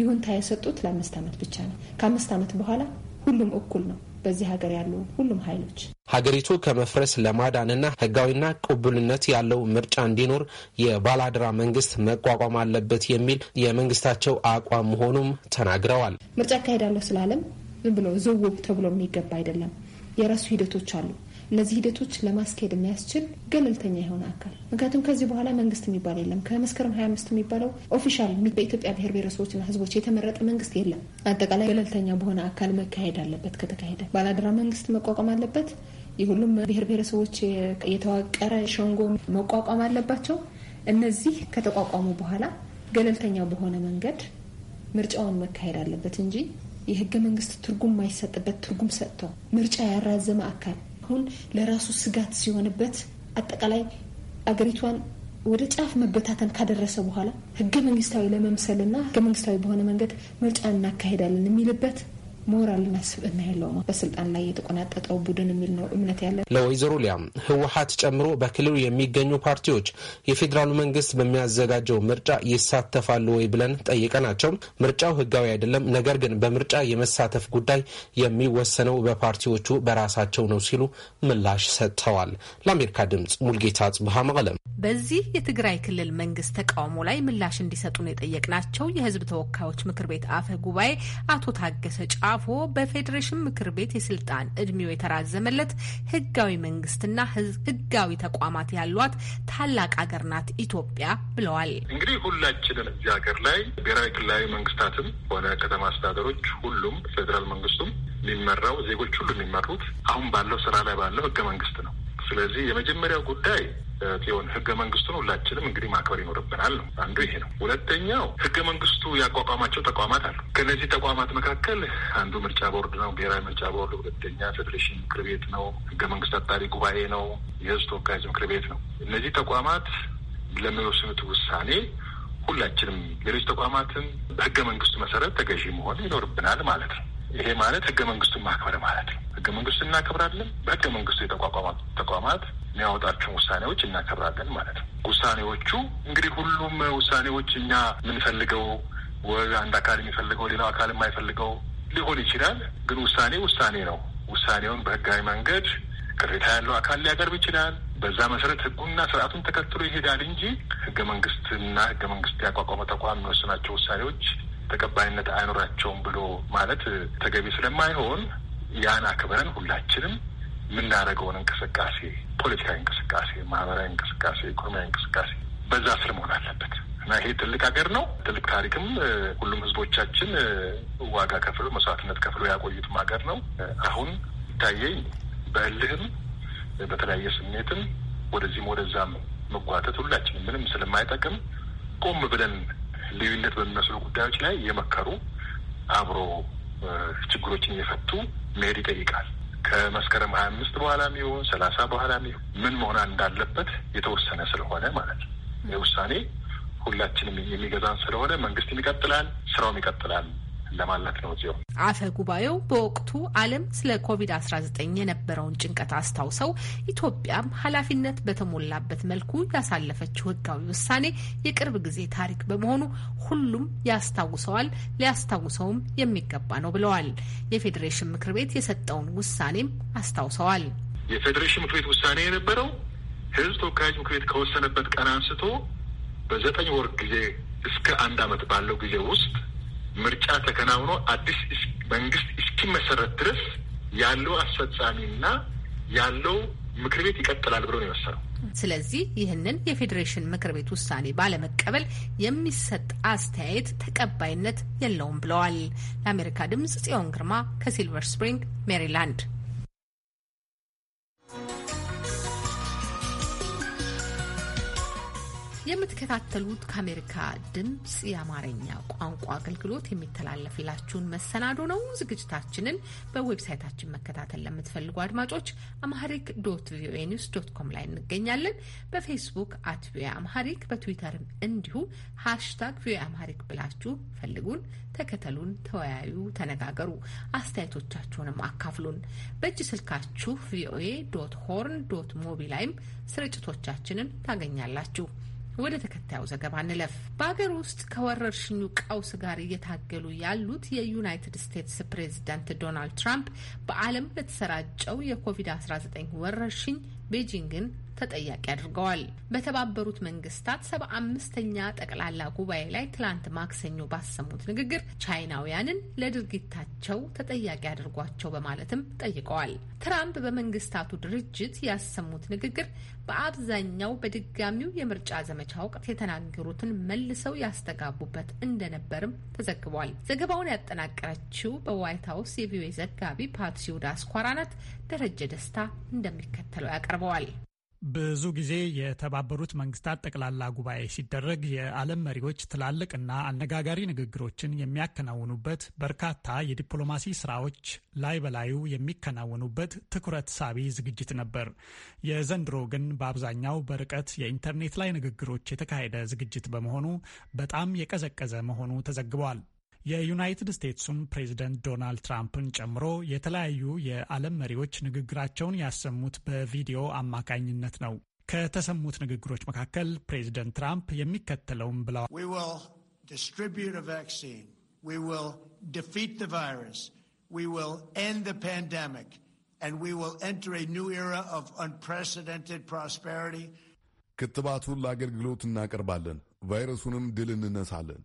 ይሁንታ የሰጡት ለአምስት ዓመት ብቻ ነው። ከአምስት ዓመት በኋላ ሁሉም እኩል ነው። በዚህ ሀገር ያሉ ሁሉም ኃይሎች ሀገሪቱ ከመፍረስ ለማዳንና ህጋዊና ቅቡልነት ያለው ምርጫ እንዲኖር የባላድራ መንግስት መቋቋም አለበት የሚል የመንግስታቸው አቋም መሆኑም ተናግረዋል። ምርጫ አካሄዳለሁ ስላለም ዝም ብሎ ዝውብ ተብሎ የሚገባ አይደለም። የራሱ ሂደቶች አሉ። እነዚህ ሂደቶች ለማስኬድ የሚያስችል ገለልተኛ የሆነ አካል ምክንያቱም ከዚህ በኋላ መንግስት የሚባል የለም። ከመስከረም ሀያ አምስት የሚባለው ኦፊሻል በኢትዮጵያ ብሔር ብሔረሰቦችና ህዝቦች የተመረጠ መንግስት የለም። አጠቃላይ ገለልተኛ በሆነ አካል መካሄድ አለበት። ከተካሄደ ባላደራ መንግስት መቋቋም አለበት። የሁሉም ብሔር ብሔረሰቦች የተዋቀረ ሸንጎ መቋቋም አለባቸው። እነዚህ ከተቋቋሙ በኋላ ገለልተኛ በሆነ መንገድ ምርጫውን መካሄድ አለበት እንጂ የህገ መንግስት ትርጉም ማይሰጥበት ትርጉም ሰጥተው ምርጫ ያራዘመ አካል አሁን ለራሱ ስጋት ሲሆንበት አጠቃላይ አገሪቷን ወደ ጫፍ መበታተን ካደረሰ በኋላ ህገ መንግስታዊ ለመምሰልና ህገ መንግስታዊ በሆነ መንገድ ምርጫ እናካሄዳለን የሚልበት ሞራልና ስብዕና ነው በስልጣን ላይ የተቆናጠጠው ቡድን የሚል ነው እምነት ያለ ለወይዘሮ ሊያም ህወሀት ጨምሮ በክልሉ የሚገኙ ፓርቲዎች የፌዴራሉ መንግስት በሚያዘጋጀው ምርጫ ይሳተፋሉ ወይ ብለን ጠይቀናቸው ምርጫው ህጋዊ አይደለም፣ ነገር ግን በምርጫ የመሳተፍ ጉዳይ የሚወሰነው በፓርቲዎቹ በራሳቸው ነው ሲሉ ምላሽ ሰጥተዋል። ለአሜሪካ ድምጽ ሙልጌታ ጽብሃ መቀለም። በዚህ የትግራይ ክልል መንግስት ተቃውሞ ላይ ምላሽ እንዲሰጡን የጠየቅናቸው የህዝብ ተወካዮች ምክር ቤት አፈ ጉባኤ አቶ ታገሰ ጫ ተጻፎ በፌዴሬሽን ምክር ቤት የስልጣን እድሜው የተራዘመለት ህጋዊ መንግስትና ህጋዊ ተቋማት ያሏት ታላቅ ሀገር ናት ኢትዮጵያ ብለዋል። እንግዲህ ሁላችንን እዚህ ሀገር ላይ ብሔራዊ ክልላዊ መንግስታትም ሆነ ከተማ አስተዳደሮች፣ ሁሉም ፌዴራል መንግስቱም የሚመራው ዜጎች ሁሉ የሚመሩት አሁን ባለው ስራ ላይ ባለው ህገ መንግስት ነው። ስለዚህ የመጀመሪያው ጉዳይ ሲሆን ህገ መንግስቱን ሁላችንም እንግዲህ ማክበር ይኖርብናል ነው አንዱ ይሄ ነው። ሁለተኛው ህገ መንግስቱ ያቋቋማቸው ተቋማት አሉ። ከእነዚህ ተቋማት መካከል አንዱ ምርጫ ቦርድ ነው፣ ብሔራዊ ምርጫ ቦርድ። ሁለተኛ ፌዴሬሽን ምክር ቤት ነው፣ ህገ መንግስት አጣሪ ጉባኤ ነው፣ የህዝብ ተወካዮች ምክር ቤት ነው። እነዚህ ተቋማት ለሚወስኑት ውሳኔ ሁላችንም ሌሎች ተቋማትን በህገ መንግስቱ መሰረት ተገዢ መሆን ይኖርብናል ማለት ነው። ይሄ ማለት ህገ መንግስቱን ማክበር ማለት ነው። ህገ መንግስቱን እናከብራለን። በህገ መንግስቱ የተቋቋመ ተቋማት የሚያወጣቸውን ውሳኔዎች እናከብራለን ማለት ነው። ውሳኔዎቹ እንግዲህ ሁሉም ውሳኔዎች እኛ የምንፈልገው ወይ አንድ አካል የሚፈልገው ሌላው አካል የማይፈልገው ሊሆን ይችላል። ግን ውሳኔ ውሳኔ ነው። ውሳኔውን በህጋዊ መንገድ ቅሬታ ያለው አካል ሊያቀርብ ይችላል። በዛ መሰረት ህጉና ስርዓቱን ተከትሎ ይሄዳል እንጂ ህገ መንግስትና ህገ መንግስት ያቋቋመ ተቋም የሚወስናቸው ውሳኔዎች ተቀባይነት አይኖራቸውም ብሎ ማለት ተገቢ ስለማይሆን ያን አክብረን ሁላችንም የምናደርገውን እንቅስቃሴ ፖለቲካዊ እንቅስቃሴ፣ ማህበራዊ እንቅስቃሴ፣ ኢኮኖሚያዊ እንቅስቃሴ በዛ ስር መሆን አለበት እና ይሄ ትልቅ ሀገር ነው። ትልቅ ታሪክም ሁሉም ህዝቦቻችን ዋጋ ከፍሎ መስዋዕትነት ከፍሎ ያቆዩትም ሀገር ነው። አሁን ይታየኝ በእልህም በተለያየ ስሜትም ወደዚህም ወደዛም መጓተት ሁላችንም ምንም ስለማይጠቅም ቆም ብለን ልዩነት በሚመስሉ ጉዳዮች ላይ የመከሩ አብሮ ችግሮችን እየፈቱ መሄድ ይጠይቃል። ከመስከረም ሀያ አምስት በኋላ የሚሆን ሰላሳ በኋላ የሚሆን ምን መሆን እንዳለበት የተወሰነ ስለሆነ ማለት ነው። ውሳኔ ሁላችንም የሚገዛን ስለሆነ መንግስትም ይቀጥላል፣ ስራውም ይቀጥላል። ለማለት ነው። እዚሁ አፈ ጉባኤው በወቅቱ ዓለም ስለ ኮቪድ-19 የነበረውን ጭንቀት አስታውሰው ኢትዮጵያም ኃላፊነት በተሞላበት መልኩ ያሳለፈችው ህጋዊ ውሳኔ የቅርብ ጊዜ ታሪክ በመሆኑ ሁሉም ያስታውሰዋል፣ ሊያስታውሰውም የሚገባ ነው ብለዋል። የፌዴሬሽን ምክር ቤት የሰጠውን ውሳኔም አስታውሰዋል። የፌዴሬሽን ምክር ቤት ውሳኔ የነበረው ህዝብ ተወካዮች ምክር ቤት ከወሰነበት ቀን አንስቶ በዘጠኝ ወር ጊዜ እስከ አንድ ዓመት ባለው ጊዜ ውስጥ ምርጫ ተከናውኖ አዲስ መንግስት እስኪመሰረት ድረስ ያለው አስፈጻሚና ያለው ምክር ቤት ይቀጥላል ብሎ ነው የወሰነው። ስለዚህ ይህንን የፌዴሬሽን ምክር ቤት ውሳኔ ባለመቀበል የሚሰጥ አስተያየት ተቀባይነት የለውም ብለዋል። ለአሜሪካ ድምጽ ጽዮን ግርማ ከሲልቨር ስፕሪንግ ሜሪላንድ የምትከታተሉት ከአሜሪካ ድምፅ የአማርኛ ቋንቋ አገልግሎት የሚተላለፍላችሁን መሰናዶ ነው። ዝግጅታችንን በዌብሳይታችን መከታተል ለምትፈልጉ አድማጮች አምሃሪክ ዶት ቪኦኤ ኒውስ ዶት ኮም ላይ እንገኛለን። በፌስቡክ አት ቪኦኤ አምሃሪክ፣ በትዊተርም እንዲሁ ሃሽታግ ቪኦኤ አምሃሪክ ብላችሁ ፈልጉን፣ ተከተሉን፣ ተወያዩ፣ ተነጋገሩ፣ አስተያየቶቻችሁንም አካፍሉን። በእጅ ስልካችሁ ቪኦኤ ዶት ሆርን ዶት ሞቢ ላይም ስርጭቶቻችንን ታገኛላችሁ። ወደ ተከታዩ ዘገባ እንለፍ። በሀገር ውስጥ ከወረርሽኙ ቀውስ ጋር እየታገሉ ያሉት የዩናይትድ ስቴትስ ፕሬዚዳንት ዶናልድ ትራምፕ በዓለም ለተሰራጨው የኮቪድ-19 ወረርሽኝ ቤጂንግን ተጠያቂ አድርገዋል። በተባበሩት መንግስታት ሰባ አምስተኛ ጠቅላላ ጉባኤ ላይ ትላንት ማክሰኞ ባሰሙት ንግግር ቻይናውያንን ለድርጊታቸው ተጠያቂ አድርጓቸው በማለትም ጠይቀዋል። ትራምፕ በመንግስታቱ ድርጅት ያሰሙት ንግግር በአብዛኛው በድጋሚው የምርጫ ዘመቻ ወቅት የተናገሩትን መልሰው ያስተጋቡበት እንደነበርም ተዘግቧል። ዘገባውን ያጠናቀረችው በዋይት ሀውስ የቪኦኤ ዘጋቢ ፓትሲውዳ አስኳራናት ደረጀ ደስታ እንደሚከተለው ያቀርበዋል። ብዙ ጊዜ የተባበሩት መንግስታት ጠቅላላ ጉባኤ ሲደረግ የዓለም መሪዎች ትላልቅና አነጋጋሪ ንግግሮችን የሚያከናውኑበት በርካታ የዲፕሎማሲ ስራዎች ላይ በላዩ የሚከናወኑበት ትኩረት ሳቢ ዝግጅት ነበር። የዘንድሮ ግን በአብዛኛው በርቀት የኢንተርኔት ላይ ንግግሮች የተካሄደ ዝግጅት በመሆኑ በጣም የቀዘቀዘ መሆኑ ተዘግቧል። የዩናይትድ ስቴትሱን ፕሬዝደንት ዶናልድ ትራምፕን ጨምሮ የተለያዩ የዓለም መሪዎች ንግግራቸውን ያሰሙት በቪዲዮ አማካኝነት ነው። ከተሰሙት ንግግሮች መካከል ፕሬዝደንት ትራምፕ የሚከተለውም ብለዋል። ክትባቱን ለአገልግሎት እናቀርባለን። ቫይረሱንም ድል እንነሳለን።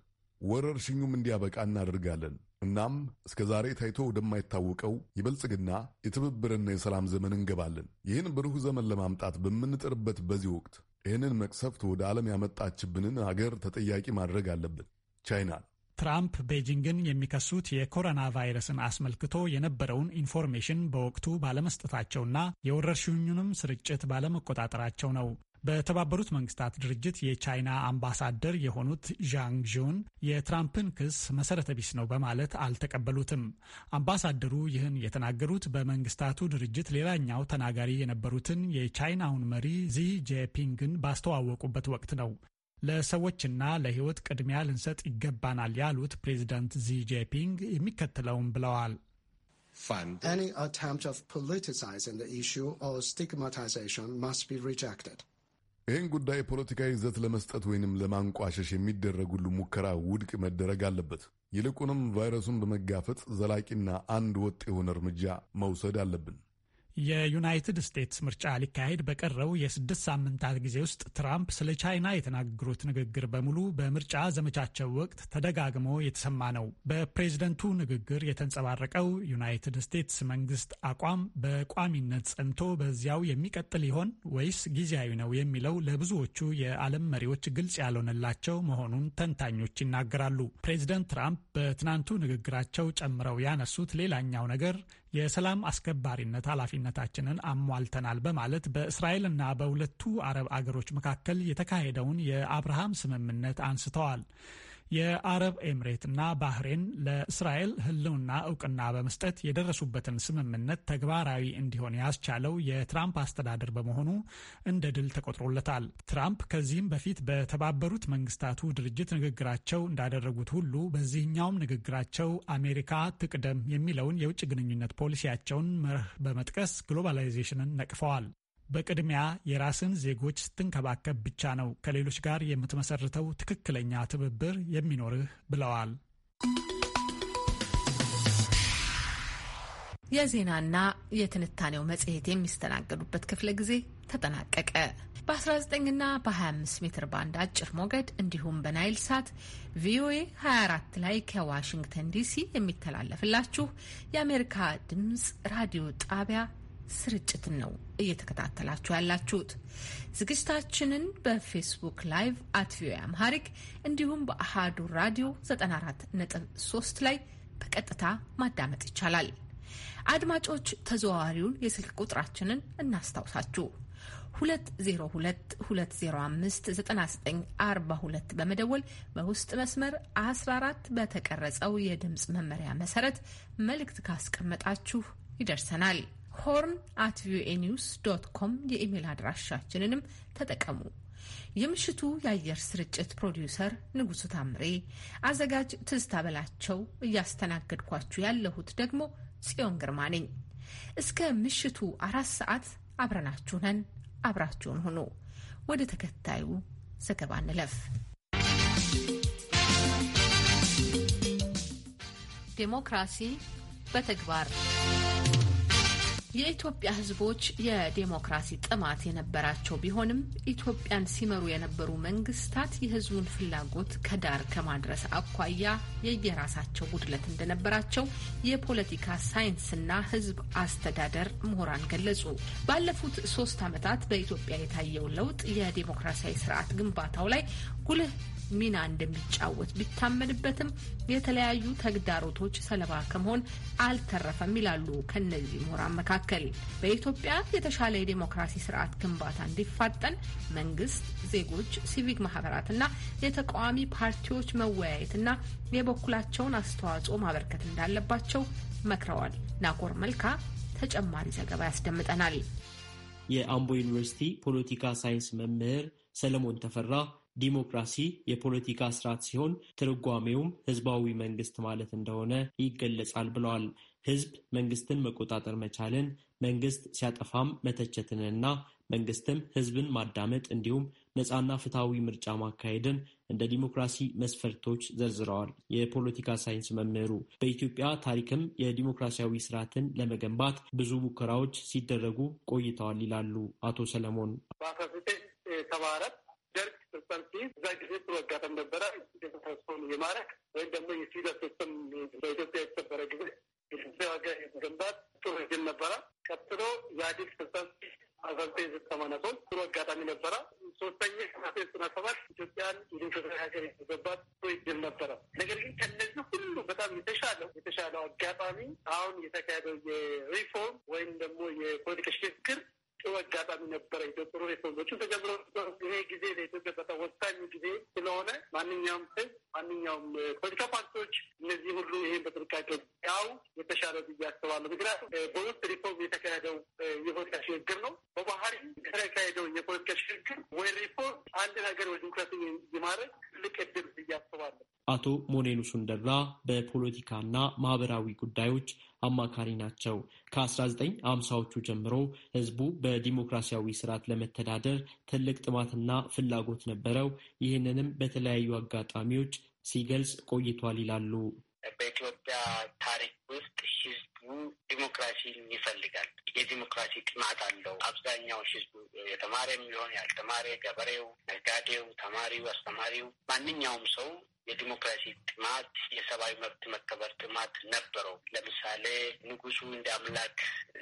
ወረርሽኙም እንዲያበቃ እናደርጋለን። እናም እስከ ዛሬ ታይቶ ወደማይታወቀው የብልጽግና የትብብርና የሰላም ዘመን እንገባለን። ይህን ብሩህ ዘመን ለማምጣት በምንጥርበት በዚህ ወቅት ይህንን መቅሰፍት ወደ ዓለም ያመጣችብንን አገር ተጠያቂ ማድረግ አለብን። ቻይና ትራምፕ ቤጂንግን የሚከሱት የኮሮና ቫይረስን አስመልክቶ የነበረውን ኢንፎርሜሽን በወቅቱ ባለመስጠታቸውና የወረርሽኙንም ስርጭት ባለመቆጣጠራቸው ነው። በተባበሩት መንግስታት ድርጅት የቻይና አምባሳደር የሆኑት ዣንግ ዥን የትራምፕን ክስ መሰረተ ቢስ ነው በማለት አልተቀበሉትም። አምባሳደሩ ይህን የተናገሩት በመንግስታቱ ድርጅት ሌላኛው ተናጋሪ የነበሩትን የቻይናውን መሪ ዚ ጄፒንግን ባስተዋወቁበት ወቅት ነው። ለሰዎችና ለህይወት ቅድሚያ ልንሰጥ ይገባናል ያሉት ፕሬዚዳንት ዚ ጄፒንግ የሚከተለውም ብለዋል። Any attempt of politicizing the issue or stigmatization must be rejected. ይህን ጉዳይ ፖለቲካዊ ይዘት ለመስጠት ወይንም ለማንቋሸሽ የሚደረግ ሁሉ ሙከራ ውድቅ መደረግ አለበት። ይልቁንም ቫይረሱን በመጋፈጥ ዘላቂና አንድ ወጥ የሆነ እርምጃ መውሰድ አለብን። የዩናይትድ ስቴትስ ምርጫ ሊካሄድ በቀረው የስድስት ሳምንታት ጊዜ ውስጥ ትራምፕ ስለ ቻይና የተናገሩት ንግግር በሙሉ በምርጫ ዘመቻቸው ወቅት ተደጋግሞ የተሰማ ነው። በፕሬዝደንቱ ንግግር የተንጸባረቀው ዩናይትድ ስቴትስ መንግስት አቋም በቋሚነት ጸንቶ በዚያው የሚቀጥል ይሆን ወይስ ጊዜያዊ ነው የሚለው ለብዙዎቹ የዓለም መሪዎች ግልጽ ያልሆነላቸው መሆኑን ተንታኞች ይናገራሉ። ፕሬዝደንት ትራምፕ በትናንቱ ንግግራቸው ጨምረው ያነሱት ሌላኛው ነገር የሰላም አስከባሪነት ኃላፊነታችንን አሟልተናል በማለት በእስራኤልና በሁለቱ አረብ አገሮች መካከል የተካሄደውን የአብርሃም ስምምነት አንስተዋል። የአረብ ኤምሬት ባህሬን ለእስራኤል ህልውና እውቅና በመስጠት የደረሱበትን ስምምነት ተግባራዊ እንዲሆን ያስቻለው የትራምፕ አስተዳደር በመሆኑ እንደ ድል ተቆጥሮለታል። ትራምፕ ከዚህም በፊት በተባበሩት መንግስታቱ ድርጅት ንግግራቸው እንዳደረጉት ሁሉ በዚህኛውም ንግግራቸው አሜሪካ ትቅደም የሚለውን የውጭ ግንኙነት ፖሊሲያቸውን መርህ በመጥቀስ ግሎባላይዜሽንን ነቅፈዋል። በቅድሚያ የራስን ዜጎች ስትንከባከብ ብቻ ነው ከሌሎች ጋር የምትመሰርተው ትክክለኛ ትብብር የሚኖርህ ብለዋል። የዜናና የትንታኔው መጽሔት የሚስተናገዱበት ክፍለ ጊዜ ተጠናቀቀ። በ19ና በ25 ሜትር ባንድ አጭር ሞገድ እንዲሁም በናይል ሳት ቪኦኤ 24 ላይ ከዋሽንግተን ዲሲ የሚተላለፍላችሁ የአሜሪካ ድምፅ ራዲዮ ጣቢያ ስርጭትን ነው እየተከታተላችሁ ያላችሁት። ዝግጅታችንን በፌስቡክ ላይቭ አት ቪኦኤ አምሃሪክ እንዲሁም በአሃዱ ራዲዮ 94.3 ላይ በቀጥታ ማዳመጥ ይቻላል። አድማጮች ተዘዋዋሪውን የስልክ ቁጥራችንን እናስታውሳችሁ 2022059942 በመደወል በውስጥ መስመር 14 በተቀረጸው የድምፅ መመሪያ መሰረት መልእክት ካስቀመጣችሁ ይደርሰናል። ሆርን አት ቪኦኤ ኒውስ ዶት ኮም የኢሜል አድራሻችንንም ተጠቀሙ። የምሽቱ የአየር ስርጭት ፕሮዲውሰር ንጉሱ ታምሬ፣ አዘጋጅ ትዝታ በላቸው፣ እያስተናገድኳችሁ ያለሁት ደግሞ ጽዮን ግርማ ነኝ። እስከ ምሽቱ አራት ሰዓት አብረናችሁ ነን። አብራችሁን ሆኖ ወደ ተከታዩ ዘገባ እንለፍ። ዴሞክራሲ በተግባር የኢትዮጵያ ሕዝቦች የዴሞክራሲ ጥማት የነበራቸው ቢሆንም ኢትዮጵያን ሲመሩ የነበሩ መንግስታት የሕዝቡን ፍላጎት ከዳር ከማድረስ አኳያ የየራሳቸው ጉድለት እንደነበራቸው የፖለቲካ ሳይንስና ሕዝብ አስተዳደር ምሁራን ገለጹ። ባለፉት ሶስት ዓመታት በኢትዮጵያ የታየው ለውጥ የዴሞክራሲያዊ ስርዓት ግንባታው ላይ ጉልህ ሚና እንደሚጫወት ቢታመንበትም የተለያዩ ተግዳሮቶች ሰለባ ከመሆን አልተረፈም ይላሉ። ከነዚህ ምሁራን መካከል በኢትዮጵያ የተሻለ የዴሞክራሲ ስርዓት ግንባታ እንዲፋጠን መንግስት፣ ዜጎች፣ ሲቪክ ማህበራትና የተቃዋሚ ፓርቲዎች መወያየትና የበኩላቸውን አስተዋጽኦ ማበርከት እንዳለባቸው መክረዋል። ናኮር መልካ ተጨማሪ ዘገባ ያስደምጠናል። የአምቦ ዩኒቨርሲቲ ፖለቲካ ሳይንስ መምህር ሰለሞን ተፈራ ዲሞክራሲ የፖለቲካ ስርዓት ሲሆን ትርጓሜውም ህዝባዊ መንግስት ማለት እንደሆነ ይገለጻል ብለዋል። ህዝብ መንግስትን መቆጣጠር መቻልን፣ መንግስት ሲያጠፋም መተቸትንና መንግስትም ህዝብን ማዳመጥ እንዲሁም ነፃና ፍትሐዊ ምርጫ ማካሄድን እንደ ዲሞክራሲ መስፈርቶች ዘርዝረዋል። የፖለቲካ ሳይንስ መምህሩ በኢትዮጵያ ታሪክም የዲሞክራሲያዊ ስርዓትን ለመገንባት ብዙ ሙከራዎች ሲደረጉ ቆይተዋል ይላሉ አቶ ሰለሞን በአስራ ዘጠኝ ሰባ አራት ደርግ ስልጣን ሲይዝ እዛ ጊዜ ጥሩ አጋጣሚ ነበረ። የተፈረሰውን የማረክ ወይም ደግሞ የፊውዳል ሲስተም በኢትዮጵያ የተሰበረ ጊዜ ዋጋ የመገንባት ጥሩ እድል ነበረ። ቀጥሎ ኢህአዴግ ስልጣን አስራ ዘጠኝ ሰማንያ ሶስት ጥሩ አጋጣሚ ነበረ። ሶስተኛ ሰናሴ ዘጠና ሰባት ኢትዮጵያን የዲሞክራሲ ሀገር የተገባት ጥሩ እድል ነበረ። ነገር ግን ከነዚህ ሁሉ በጣም የተሻለው የተሻለው አጋጣሚ አሁን የተካሄደው የሪፎርም ወይም ደግሞ የፖለቲካ ሽግግር ጥሩ አጋጣሚ ነበረ። ጥሩ ሪፎርሞችን ተጀምሮ ይሄ ጊዜ ለኢትዮጵያ በጣም ወሳኝ ጊዜ ስለሆነ ማንኛውም ህዝብ ማንኛውም ፖለቲካ ፓርቲዎች እነዚህ ሁሉ ይሄን በጥንቃቄ ያው የተሻለ ብዬ አስባለሁ። ምክንያቱም በውስጥ ሪፎርም የተካሄደው የፖለቲካ ሽግግር ነው። በባህሪ የተካሄደው የፖለቲካ ሽግግር ወይ ሪፎርም አንድ ነገር ወደ ዲሞክራሲ የማድረግ ትልቅ እድል ብዬ አስባለሁ። አቶ ሞኔኑ ሱንደራ በፖለቲካና ማህበራዊ ጉዳዮች አማካሪ ናቸው። ከ1950ዎቹ ጀምሮ ህዝቡ በዲሞክራሲያዊ ስርዓት ለመተዳደር ትልቅ ጥማትና ፍላጎት ነበረው። ይህንንም በተለያዩ አጋጣሚዎች ሲገልጽ ቆይቷል ይላሉ። በኢትዮጵያ ታሪክ ውስጥ ህዝቡ ዲሞክራሲን ይፈልጋል። የዲሞክራሲ ጥማት አለው። አብዛኛው ህዝቡ የተማረ የሚሆን ያልተማረ፣ ገበሬው፣ ነጋዴው፣ ተማሪው፣ አስተማሪው ማንኛውም ሰው የዲሞክራሲ ጥማት፣ የሰብአዊ መብት መከበር ጥማት ነበረው። ለምሳሌ ንጉሱ እንደ አምላክ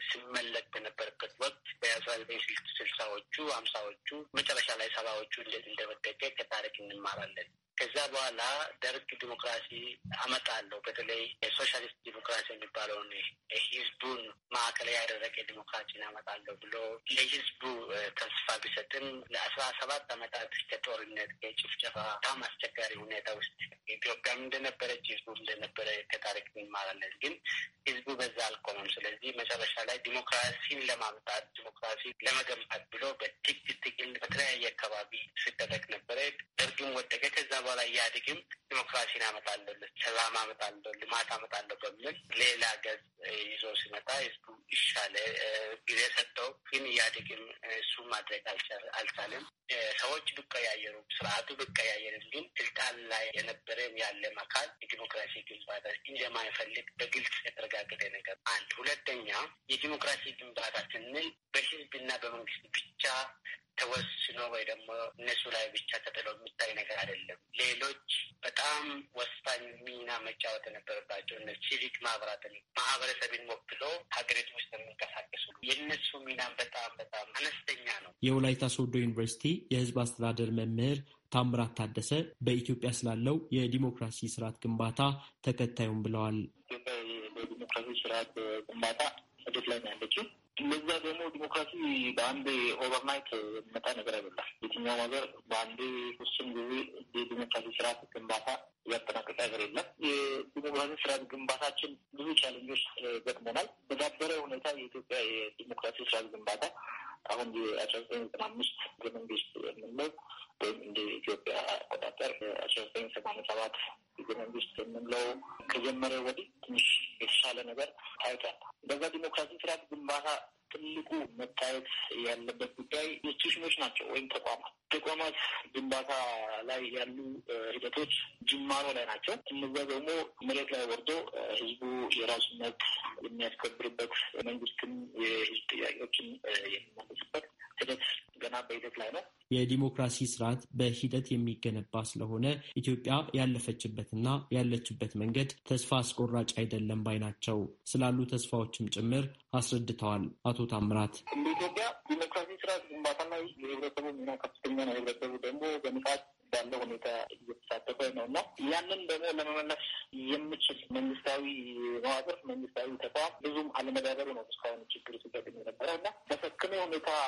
ሲመለክ በነበረበት ወቅት በአስራ ዘጠኝ ስልሳዎቹ፣ ሀምሳዎቹ መጨረሻ ላይ ሰባዎቹ እንዴት እንደወደቀ ከታሪክ እንማራለን። ከዛ በኋላ ደርግ ዲሞክራሲ አመጣለሁ በተለይ የሶሻሊስት ዲሞክራሲ የሚባለውን ህዝቡን ማዕከላዊ ያደረገ ዲሞክራሲን አመጣለሁ ብሎ ለህዝቡ ተስፋ ቢሰጥም ለአስራ ሰባት አመታት ከጦርነት ከጭፍጨፋ በጣም አስቸጋሪ ሁኔታ ውስጥ ኢትዮጵያም እንደነበረች ህዝቡ እንደነበረ ከታሪክ እንማራለን። ግን ህዝቡ በዛ አልቆመም። ስለዚህ መጨረሻ ላይ ዲሞክራሲን ለማምጣት ዲሞክራሲ ለመገንባት ብሎ በትግ ትግል በተለያየ አካባቢ ሲደረግ ነበረ። ደርግም ወደቀ። ከዛ በላይ ኢህአዴግም ዲሞክራሲን አመጣለሁ፣ ሰላም አመጣለሁ፣ ልማት አመጣለሁ በሚል ሌላ ገጽ ይዞ ሲመጣ ህዝቡ ይሻለ ጊዜ ሰጠው። ግን ኢህአዴግም እሱ ማድረግ አልቻለም። ሰዎች ቢቀያየሩ፣ ስርዓቱ ቢቀያየርም ግን ስልጣን ላይ የነበረም ያለም አካል የዲሞክራሲ ግንባታ እንደማይፈልግ በግልጽ የተረጋገጠ ነገር አንድ። ሁለተኛ የዲሞክራሲ ግንባታ ስንል በህዝብና በመንግስት ብቻ ተወስኖ ወይ ደግሞ እነሱ ላይ ብቻ ተጥሎ የሚታይ ነገር አይደለም። ሌሎች በጣም ወሳኝ ሚና መጫወት የነበረባቸው እነ ሲቪክ ማህበራትን ማህበረሰብን ወክሎ ሀገሪቱ ውስጥ የሚንቀሳቀሱ የእነሱ ሚና በጣም በጣም አነስተኛ ነው። የወላይታ ሶዶ ዩኒቨርሲቲ የህዝብ አስተዳደር መምህር ታምራት ታደሰ በኢትዮጵያ ስላለው የዲሞክራሲ ስርዓት ግንባታ ተከታዩም ብለዋል። በዲሞክራሲ ስርዓት ግንባታ ስደት ላይ ነው ያለችው እነዛ ደግሞ ዲሞክራሲ በአንድ ኦቨርናይት የሚመጣ ነገር አይደለም። የትኛውም ሀገር በአንድ ውስን ጊዜ የዲሞክራሲ ስርዓት ግንባታ እያጠናቀቀ ሀገር የለም። የዲሞክራሲ ስርዓት ግንባታችን ብዙ ቻለንጆች ገጥሞናል። በዳበረ ሁኔታ የኢትዮጵያ የዲሞክራሲ ስርዓት ግንባታ አሁን የአስራ ዘጠኝ ዘጠና አምስት መንግስት የምንለው ወይም እንደ ኢትዮጵያ አቆጣጠር አስራ ዘጠኝ ሰማንያ ሰባት መንግስት የምንለው ከጀመረ ወዲህ ትንሽ የተሻለ ነገር አይቷል። በዛ ዲሞክራሲ ስርዓት ግንባታ ትልቁ መታየት ያለበት ጉዳይ ኢንስቲቱሽኖች ናቸው ወይም ተቋማት ተቋማት ግንባታ ላይ ያሉ ሂደቶች ጅማሮ ላይ ናቸው። እነዚያ ደግሞ መሬት ላይ ወርዶ ህዝቡ የራሱነት መብት የሚያስከብርበት መንግስትም የህዝብ ጥያቄዎችን የሚመለስበት ሂደት ገና በሂደት ላይ ነው። የዲሞክራሲ ስርዓት በሂደት የሚገነባ ስለሆነ ኢትዮጵያ ያለፈችበትና ያለችበት መንገድ ተስፋ አስቆራጭ አይደለም ባይ ናቸው። ስላሉ ተስፋዎችም ጭምር አስረድተዋል። አቶ ታምራት እንደ ኢትዮጵያ ዲሞክራሲ ስርዓት ግንባታና የህብረተሰቡ ሚና ከፍተኛ ነው። ህብረተሰቡ ደግሞ በንቃት ባለ ሁኔታ እየተሳተፈ ነው እና ያንን ደግሞ ለመመለስ የምችል መንግስታዊ መዋቅር መንግስታዊ ተቋም ብዙም አለመዳበሩ ነው እስካሁን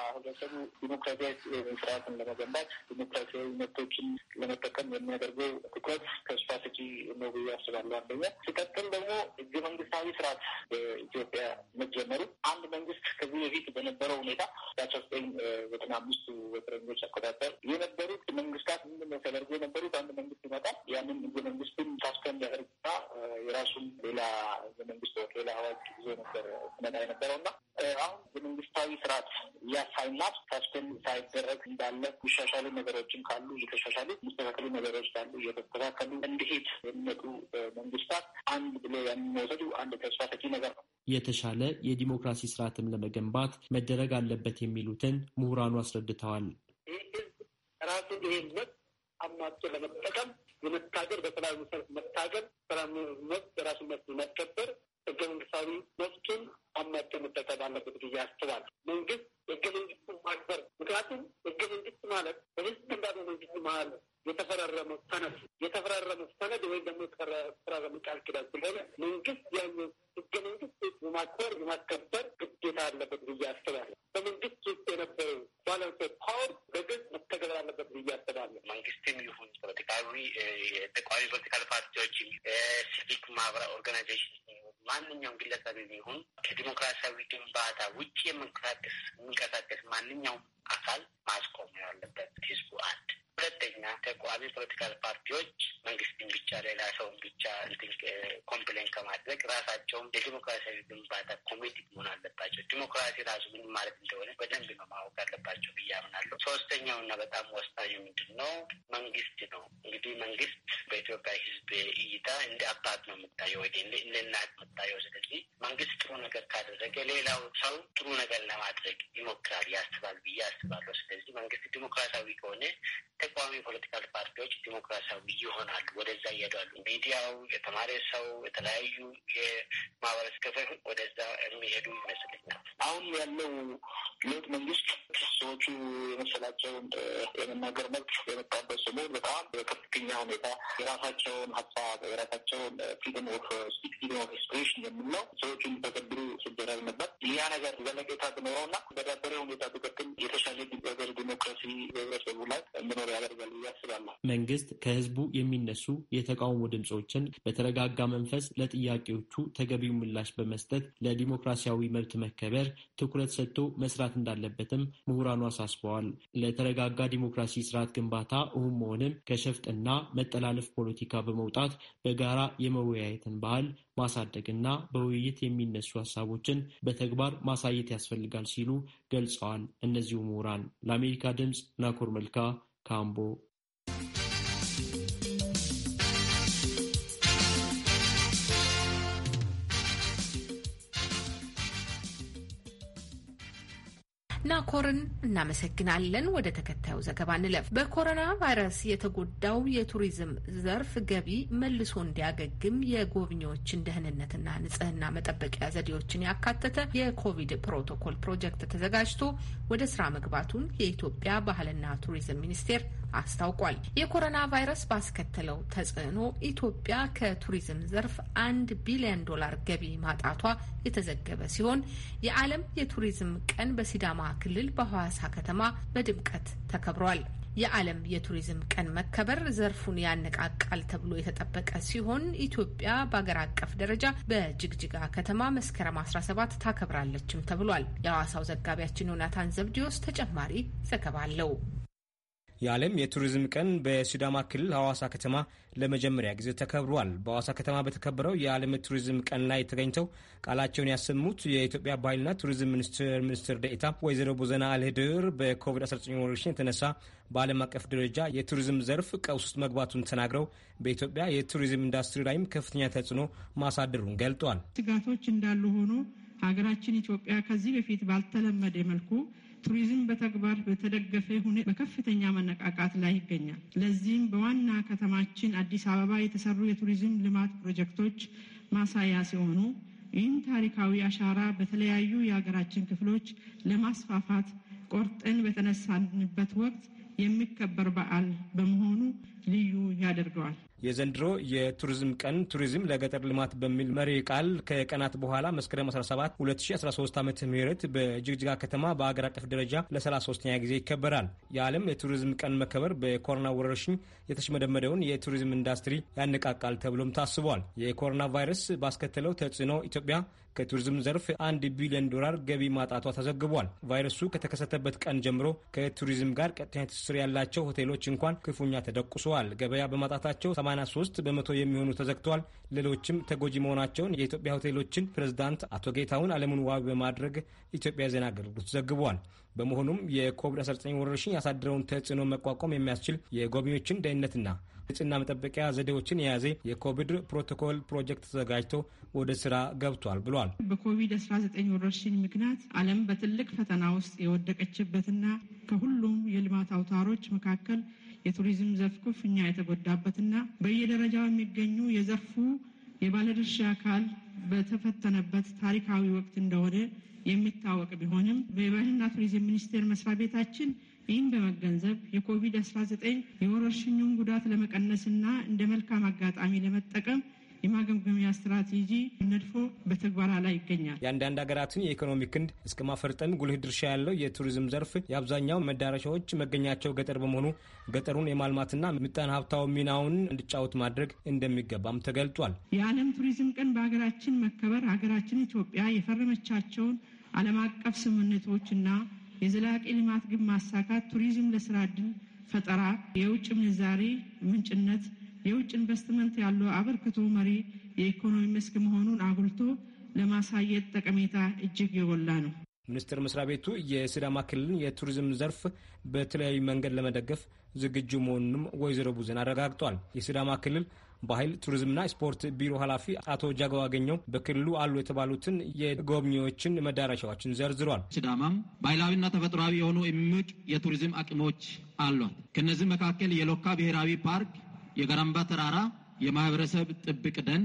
ህብረተሰቡ ዲሞክራሲያዊ ስርዓትን ለመገንባት ዲሞክራሲያዊ መብቶችን ለመጠቀም የሚያደርገው ትኩረት ተስፋ ሰጪ ነው ብዬ አስባለሁ። አንደኛ ሲቀጥል ደግሞ ህገ መንግስታዊ ስርዓት በኢትዮጵያ መጀመሩ አንድ መንግስት ከዚህ በፊት በነበረው ሁኔታ በአስራ ዘጠኝ ዘጠና አምስቱ በፈረንጆች አቆጣጠር የነበሩት መንግስታት ምንድን ነው ተደርጎ የነበሩት አንድ መንግስት ይመጣል ያንን ህገ መንግስትን ታስከን ያደርግና የራሱን ሌላ ህገ መንግስት ሌላ አዋጅ ይዞ ነበር ሲመጣ የነበረው እና አሁን ህገ መንግስታዊ ስርዓት ያ እያሳይናት ተስፍን ሳይደረግ እንዳለ ይሻሻሉ ነገሮችም ካሉ እየተሻሻሉ የሚስተካከሉ ነገሮች ካሉ እየተስተካከሉ እንዲሄድ የሚመጡ መንግስታት አንድ ብሎ የሚወሰዱ አንድ ተስፋ ሰጪ ነገር ነው። የተሻለ የዲሞክራሲ ስርዓትን ለመገንባት መደረግ አለበት የሚሉትን ምሁራኑ አስረድተዋል። ራሱ ይህነት አማጭ ለመጠቀም የመታገር በሰላም መሰረት መታገር ሰላም መብት የራሱን መብት መከበር ህገ መንግስታዊ መብቱን አማጭ መጠቀም አለበት ብዬ አስባለሁ። መንግስት ህገ መንግስቱን ማክበር ምክንያቱም ህገ መንግስት ማለት በህዝብ እንዳለ መንግስት መሀል የተፈራረመ ሰነድ የተፈራረመ ሰነድ ወይም ደግሞ የተፈራረመ ቃል ኪዳን ስለሆነ መንግስት ያን ህገ መንግስት የማክበር የማስከበር ግዴታ አለበት ብዬ አስባለሁ። በመንግስት ውስጥ የነበረው ባላንስ ፓወር በግልጽ መተገበር አለበት ብዬ አስባለሁ። መንግስትም ይሁን ፖለቲካዊ የተቃዋሚ ፖለቲካል ፓርቲዎች፣ ሲቪክ ማህበራዊ ኦርጋናይዜሽን ማንኛውም ግለሰብ ቢሆን ከዲሞክራሲያዊ ግንባታ ውጭ የምንቀሳቀስ ማንኛውም አካል ማስቆም ያለበት ህዝቡ አንድ ሁለተኛ ተቃዋሚ ፖለቲካል ፓርቲዎች መንግስትን ብቻ ሌላ ሰውን ብቻ ኮምፕሌን ከማድረግ ራሳቸውም የዲሞክራሲያዊ ግንባታ ኮሚቲ መሆን አለባቸው። ዲሞክራሲ ራሱ ምን ማለት እንደሆነ በደንብ ነው ማወቅ አለባቸው ብዬ አምናለሁ። ሶስተኛውና በጣም ወሳኙ ምንድን ነው? መንግስት ነው እንግዲህ መንግስት በኢትዮጵያ ህዝብ እይታ እንደ አባት ነው የምታየው ወደ እንደ እናት የምታየው። ስለዚህ መንግስት ጥሩ ነገር ካደረገ ሌላው ሰው ጥሩ ነገር ለማድረግ ይሞክራል፣ ያስባል ብዬ አስባለሁ። ስለዚህ መንግስት ዲሞክራሲያዊ ከሆነ ተቋሚ የፖለቲካል ፓርቲዎች ዲሞክራሲያዊ ይሆናሉ፣ ወደዛ ይሄዳሉ። ሚዲያው፣ የተማሪ ሰው፣ የተለያዩ የማህበረሰብ ክፍል ወደዛ የሚሄዱ ይመስለኛል። አሁን ያለው ለውጥ መንግስት ሰዎቹ የመሰላቸውን የመናገር መብት የመጣበት ስሙን በጣም በከፍተኛ ሁኔታ የራሳቸውን ሀሳብ የራሳቸውን ፍሪደም ኦፍ ፍሪደም ኦፍ ኤክስፕሬሽን የምንለው ሰዎቹን እንዲተገብሩ ሲደረግ ነበር። ያ ነገር ዘለቄታ ቢኖረውና በዳበረ ሁኔታ ቢቀጥል የተሻለ ሀገር ዲሞክራሲ በህብረተሰቡ ላይ እንዲኖር ያደርጋል ብዬ አስባለሁ። መንግስት ከህዝቡ የሚነሱ የተቃውሞ ድምፆችን በተረጋጋ መንፈስ ለጥያቄዎቹ ተገቢው ምላሽ በመስጠት ለዲሞክራሲያዊ መብት መከበር ትኩረት ሰጥቶ መስራት እንዳለበትም ምሁራኑ አሳስበዋል። ለተረጋጋ ዲሞክራሲ ስርዓት ግንባታ እሁም መሆንም ከሸፍጥና መጠላለፍ ፖለቲካ በመውጣት በጋራ የመወያየትን ባህል ማሳደግና በውይይት የሚነሱ ሀሳቦችን በተግባር ማሳየት ያስፈልጋል ሲሉ ገልጸዋል። እነዚሁ ምሁራን ለአሜሪካ ድምፅ ናኮር መልካ tambo ኮርን እናመሰግናለን። ወደ ተከታዩ ዘገባ እንለፍ። በኮሮና ቫይረስ የተጎዳው የቱሪዝም ዘርፍ ገቢ መልሶ እንዲያገግም የጎብኚዎችን ደህንነትና ንጽህና መጠበቂያ ዘዴዎችን ያካተተ የኮቪድ ፕሮቶኮል ፕሮጀክት ተዘጋጅቶ ወደ ስራ መግባቱን የኢትዮጵያ ባህልና ቱሪዝም ሚኒስቴር አስታውቋል። የኮሮና ቫይረስ ባስከተለው ተጽዕኖ ኢትዮጵያ ከቱሪዝም ዘርፍ አንድ ቢሊዮን ዶላር ገቢ ማጣቷ የተዘገበ ሲሆን የዓለም የቱሪዝም ቀን በሲዳማ ክልል ክልል በሐዋሳ ከተማ በድምቀት ተከብሯል። የዓለም የቱሪዝም ቀን መከበር ዘርፉን ያነቃቃል ተብሎ የተጠበቀ ሲሆን ኢትዮጵያ በአገር አቀፍ ደረጃ በጅግጅጋ ከተማ መስከረም 17 ታከብራለችም ተብሏል። የሐዋሳው ዘጋቢያችን ዮናታን ዘብዲዮስ ተጨማሪ ዘገባ አለው። የዓለም የቱሪዝም ቀን በሲዳማ ክልል ሐዋሳ ከተማ ለመጀመሪያ ጊዜ ተከብሯል። በሐዋሳ ከተማ በተከበረው የዓለም ቱሪዝም ቀን ላይ ተገኝተው ቃላቸውን ያሰሙት የኢትዮጵያ ባህልና ቱሪዝም ሚኒስቴር ሚኒስትር ደኢታ ወይዘሮ ቡዘና አልህድር በኮቪድ-19 ወረርሽኝ የተነሳ በዓለም አቀፍ ደረጃ የቱሪዝም ዘርፍ ቀውስ ውስጥ መግባቱን ተናግረው በኢትዮጵያ የቱሪዝም ኢንዱስትሪ ላይም ከፍተኛ ተጽዕኖ ማሳደሩን ገልጧል። ስጋቶች እንዳሉ ሆኖ ሀገራችን ኢትዮጵያ ከዚህ በፊት ባልተለመደ መልኩ ቱሪዝም በተግባር በተደገፈ ሁኔታ በከፍተኛ መነቃቃት ላይ ይገኛል። ለዚህም በዋና ከተማችን አዲስ አበባ የተሰሩ የቱሪዝም ልማት ፕሮጀክቶች ማሳያ ሲሆኑ ይህን ታሪካዊ አሻራ በተለያዩ የሀገራችን ክፍሎች ለማስፋፋት ቆርጠን በተነሳንበት ወቅት የሚከበር በዓል በመሆኑ ልዩ ያደርገዋል። የዘንድሮ የቱሪዝም ቀን ቱሪዝም ለገጠር ልማት በሚል መሪ ቃል ከቀናት በኋላ መስከረም 17 2013 ዓ ም በጅግጅጋ ከተማ በአገር አቀፍ ደረጃ ለ33ኛ ጊዜ ይከበራል። የዓለም የቱሪዝም ቀን መከበር በኮሮና ወረርሽኝ የተሽመደመደውን የቱሪዝም ኢንዱስትሪ ያነቃቃል ተብሎም ታስቧል። የኮሮና ቫይረስ ባስከተለው ተጽዕኖ ኢትዮጵያ ከቱሪዝም ዘርፍ አንድ ቢሊዮን ዶላር ገቢ ማጣቷ ተዘግቧል። ቫይረሱ ከተከሰተበት ቀን ጀምሮ ከቱሪዝም ጋር ቀጥተኛ ትስስር ያላቸው ሆቴሎች እንኳን ክፉኛ ተደቁሰዋል። ገበያ በማጣታቸው 83 በመቶ የሚሆኑ ተዘግተዋል። ሌሎችም ተጎጂ መሆናቸውን የኢትዮጵያ ሆቴሎችን ፕሬዝዳንት አቶ ጌታሁን አለሙን ዋቢ በማድረግ ኢትዮጵያ ዜና አገልግሎት ዘግቧል። በመሆኑም የኮቪድ-19 ወረርሽኝ ያሳደረውን ተጽዕኖ መቋቋም የሚያስችል የጎብኚዎችን ደህንነትና ንጽህና መጠበቂያ ዘዴዎችን የያዘ የኮቪድ ፕሮቶኮል ፕሮጀክት ተዘጋጅቶ ወደ ስራ ገብቷል ብሏል። በኮቪድ-19 ወረርሽኝ ምክንያት ዓለም በትልቅ ፈተና ውስጥ የወደቀችበትና ከሁሉም የልማት አውታሮች መካከል የቱሪዝም ዘርፍ ክፉኛ የተጎዳበትና በየደረጃው የሚገኙ የዘርፉ የባለድርሻ አካል በተፈተነበት ታሪካዊ ወቅት እንደሆነ የሚታወቅ ቢሆንም በባህልና ቱሪዝም ሚኒስቴር መስሪያ ቤታችን ይህን በመገንዘብ የኮቪድ-19 የወረርሽኙን ጉዳት ለመቀነስና እንደ መልካም አጋጣሚ ለመጠቀም የማገምገሚያ ስትራቴጂ ነድፎ በተግባራ ላይ ይገኛል። የአንዳንድ ሀገራትን የኢኮኖሚ ክንድ እስከ ማፈርጠም ጉልህ ድርሻ ያለው የቱሪዝም ዘርፍ የአብዛኛው መዳረሻዎች መገኛቸው ገጠር በመሆኑ ገጠሩን የማልማትና ምጣኔ ሀብታዊ ሚናውን እንዲጫወት ማድረግ እንደሚገባም ተገልጧል። የዓለም ቱሪዝም ቀን በሀገራችን መከበር ሀገራችን ኢትዮጵያ የፈረመቻቸውን ዓለም አቀፍ ስምምነቶችና የዘላቂ ልማት ግብ ማሳካት ቱሪዝም ለስራ ዕድል ፈጠራ፣ የውጭ ምንዛሪ ምንጭነት የውጭ ኢንቨስትመንት ያለው አበርክቶ መሪ የኢኮኖሚ መስክ መሆኑን አጉልቶ ለማሳየት ጠቀሜታ እጅግ የጎላ ነው። ሚኒስቴር መስሪያ ቤቱ የሲዳማ ክልልን የቱሪዝም ዘርፍ በተለያዩ መንገድ ለመደገፍ ዝግጁ መሆኑንም ወይዘሮ ቡዘን አረጋግጧል። የሲዳማ ክልል ባህል ቱሪዝምና ስፖርት ቢሮ ኃላፊ አቶ ጃገው አገኘው በክልሉ አሉ የተባሉትን የጎብኚዎችን መዳረሻዎችን ዘርዝሯል። ሲዳማም ባህላዊና ተፈጥሯዊ የሆኑ የሚመጭ የቱሪዝም አቅሞች አሏት። ከእነዚህ መካከል የሎካ ብሔራዊ ፓርክ የገራምባ ተራራ የማህበረሰብ ጥብቅ ደን፣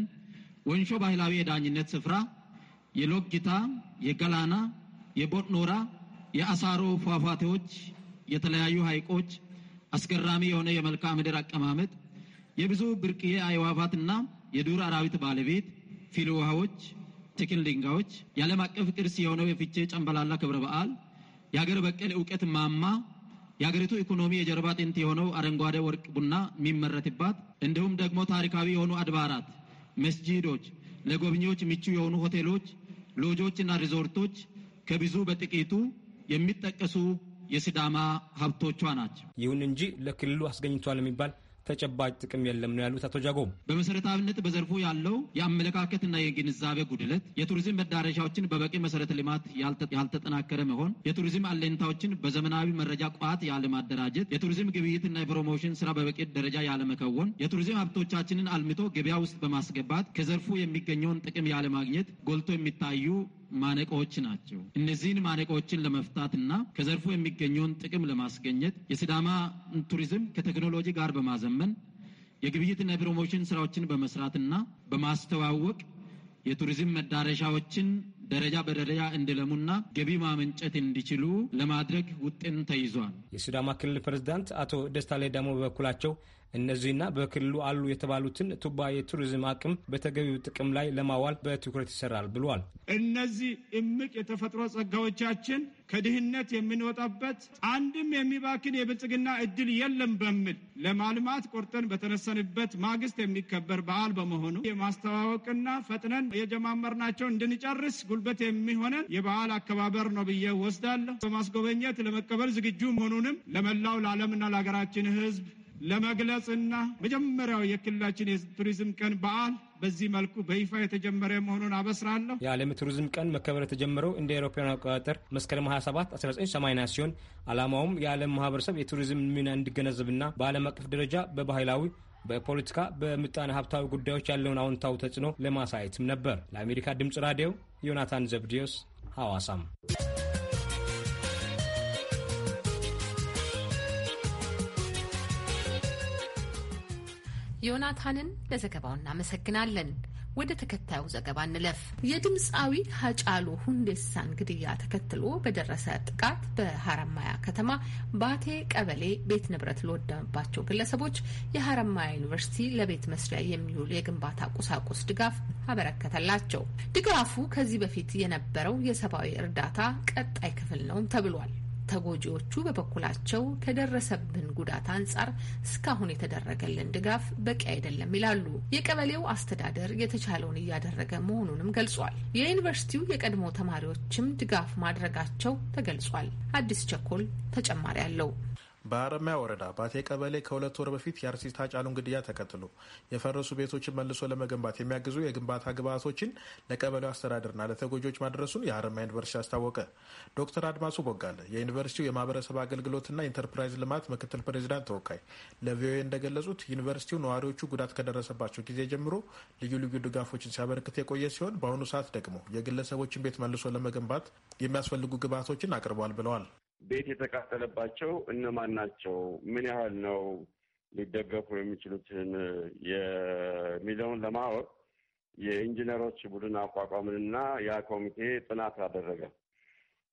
ወንሾ ባህላዊ የዳኝነት ስፍራ፣ የሎጊታ፣ የገላና፣ የቦጥኖራ፣ የአሳሮ ፏፏቴዎች፣ የተለያዩ ሐይቆች፣ አስገራሚ የሆነ የመልክዓ ምድር አቀማመጥ፣ የብዙ ብርቅዬ አዕዋፋትና የዱር አራዊት ባለቤት ፊል ውሃዎች፣ ትክል ድንጋዮች፣ የዓለም አቀፍ ቅርስ የሆነው የፍቼ ጨምበላላ ክብረ በዓል፣ የሀገር በቀል እውቀት ማማ የሀገሪቱ ኢኮኖሚ የጀርባ አጥንት የሆነው አረንጓዴ ወርቅ ቡና የሚመረትባት እንዲሁም ደግሞ ታሪካዊ የሆኑ አድባራት፣ መስጂዶች፣ ለጎብኚዎች ምቹ የሆኑ ሆቴሎች፣ ሎጆችና ሪዞርቶች ከብዙ በጥቂቱ የሚጠቀሱ የሲዳማ ሀብቶቿ ናቸው። ይሁን እንጂ ለክልሉ አስገኝቷል የሚባል ተጨባጭ ጥቅም የለም ነው ያሉት አቶ ጃጎም። በመሰረታዊነት በዘርፉ ያለው የአመለካከትና የግንዛቤ ጉድለት፣ የቱሪዝም መዳረሻዎችን በበቂ መሰረተ ልማት ያልተጠናከረ መሆን፣ የቱሪዝም አለኝታዎችን በዘመናዊ መረጃ ቋት ያለማደራጀት፣ የቱሪዝም ግብይትና የፕሮሞሽን ስራ በበቂ ደረጃ ያለመከወን፣ የቱሪዝም ሀብቶቻችንን አልምቶ ገበያ ውስጥ በማስገባት ከዘርፉ የሚገኘውን ጥቅም ያለማግኘት ጎልቶ የሚታዩ ማነቆዎች ናቸው። እነዚህን ማነቆዎችን ለመፍታትና ከዘርፉ የሚገኘውን ጥቅም ለማስገኘት የሲዳማ ቱሪዝም ከቴክኖሎጂ ጋር በማዘመን የግብይትና የፕሮሞሽን ስራዎችን በመስራትና በማስተዋወቅ የቱሪዝም መዳረሻዎችን ደረጃ በደረጃ እንዲለሙና ገቢ ማመንጨት እንዲችሉ ለማድረግ ውጥን ተይዟል። የሲዳማ ክልል ፕሬዝዳንት አቶ ደስታ ሌዳሞ በበኩላቸው እነዚህና በክልሉ አሉ የተባሉትን ቱባ የቱሪዝም አቅም በተገቢው ጥቅም ላይ ለማዋል በትኩረት ይሰራል ብሏል። እነዚህ እምቅ የተፈጥሮ ጸጋዎቻችን ከድህነት የምንወጣበት አንድም የሚባክን የብልጽግና እድል የለም በሚል ለማልማት ቆርጠን በተነሰንበት ማግስት የሚከበር በዓል በመሆኑ የማስተዋወቅና ፈጥነን የጀማመርናቸው እንድንጨርስ ጉልበት የሚሆነን የበዓል አከባበር ነው ብዬ ወስዳለሁ። በማስጎበኘት ለመቀበል ዝግጁ መሆኑንም ለመላው ለዓለምና ለሀገራችን ሕዝብ ለመግለጽና መጀመሪያው የክልላችን የቱሪዝም ቀን በዓል በዚህ መልኩ በይፋ የተጀመረ መሆኑን አበስራለሁ። የዓለም ቱሪዝም ቀን መከበር የተጀመረው እንደ አውሮፓውያን አቆጣጠር መስከረም 27 1980 ሲሆን ዓላማውም የዓለም ማህበረሰብ የቱሪዝም ሚና እንዲገነዘብና በዓለም አቀፍ ደረጃ በባህላዊ በፖለቲካ በምጣኔ ሀብታዊ ጉዳዮች ያለውን አዎንታዊ ተጽዕኖ ለማሳየትም ነበር። ለአሜሪካ ድምፅ ራዲዮ ዮናታን ዘብዲዮስ ሐዋሳም ዮናታንን ለዘገባው እናመሰግናለን። ወደ ተከታዩ ዘገባ እንለፍ። የድምፃዊ ሀጫሉ ሁንዴሳን ግድያ ተከትሎ በደረሰ ጥቃት በሀረማያ ከተማ ባቴ ቀበሌ ቤት ንብረት ለወደመባቸው ግለሰቦች የሀረማያ ዩኒቨርሲቲ ለቤት መስሪያ የሚውል የግንባታ ቁሳቁስ ድጋፍ አበረከተላቸው። ድጋፉ ከዚህ በፊት የነበረው የሰብአዊ እርዳታ ቀጣይ ክፍል ነውም ተብሏል። ተጎጂዎቹ በበኩላቸው ከደረሰብን ጉዳት አንጻር እስካሁን የተደረገልን ድጋፍ በቂ አይደለም ይላሉ። የቀበሌው አስተዳደር የተቻለውን እያደረገ መሆኑንም ገልጿል። የዩኒቨርሲቲው የቀድሞ ተማሪዎችም ድጋፍ ማድረጋቸው ተገልጿል። አዲስ ቸኮል ተጨማሪ አለው። በአረማያ ወረዳ ባቴ ቀበሌ ከሁለት ወር በፊት የአርቲስት ሃጫሉን ግድያ ተከትሎ የፈረሱ ቤቶችን መልሶ ለመገንባት የሚያግዙ የግንባታ ግብዓቶችን ለቀበሌው አስተዳደርና ለተጎጂዎች ማድረሱን የአረማያ ዩኒቨርሲቲ አስታወቀ። ዶክተር አድማሱ ቦጋለ የዩኒቨርሲቲው የማህበረሰብ አገልግሎትና ኢንተርፕራይዝ ልማት ምክትል ፕሬዚዳንት ተወካይ ለቪኦኤ እንደገለጹት ዩኒቨርሲቲው ነዋሪዎቹ ጉዳት ከደረሰባቸው ጊዜ ጀምሮ ልዩ ልዩ ድጋፎችን ሲያበረክት የቆየ ሲሆን በአሁኑ ሰዓት ደግሞ የግለሰቦችን ቤት መልሶ ለመገንባት የሚያስፈልጉ ግብዓቶችን አቅርቧል ብለዋል። ቤት የተቃጠለባቸው እነማን ናቸው? ምን ያህል ነው ሊደገፉ የሚችሉትን የሚለውን ለማወቅ የኢንጂነሮች ቡድን አቋቋምንና ያ ኮሚቴ ጥናት አደረገ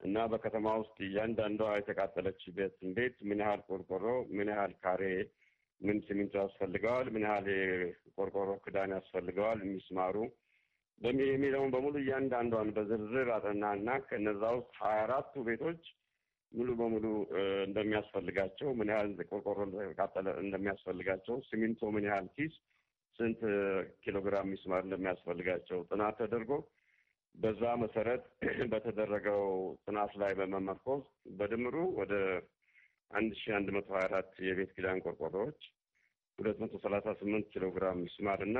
እና በከተማ ውስጥ እያንዳንዷ የተቃጠለች ቤት እንዴት፣ ምን ያህል ቆርቆሮ፣ ምን ያህል ካሬ፣ ምን ሲሚንቶ ያስፈልገዋል፣ ምን ያህል የቆርቆሮ ክዳን ያስፈልገዋል፣ የሚስማሩ የሚለውን በሙሉ እያንዳንዷን በዝርዝር አጠናና ከነዛ ውስጥ ሀያ አራቱ ቤቶች ሙሉ በሙሉ እንደሚያስፈልጋቸው፣ ምን ያህል ቆርቆሮ እንደተቃጠለ እንደሚያስፈልጋቸው፣ ሲሚንቶ ምን ያህል ኪስ፣ ስንት ኪሎግራም ሚስማር እንደሚያስፈልጋቸው ጥናት ተደርጎ በዛ መሰረት [CLEARS THROAT] በተደረገው ጥናት ላይ በመመርኮዝ በድምሩ ወደ አንድ ሺ አንድ መቶ ሀያ አራት የቤት ኪዳን ቆርቆሮዎች ሁለት መቶ ሰላሳ ስምንት ኪሎ ግራም ሚስማር እና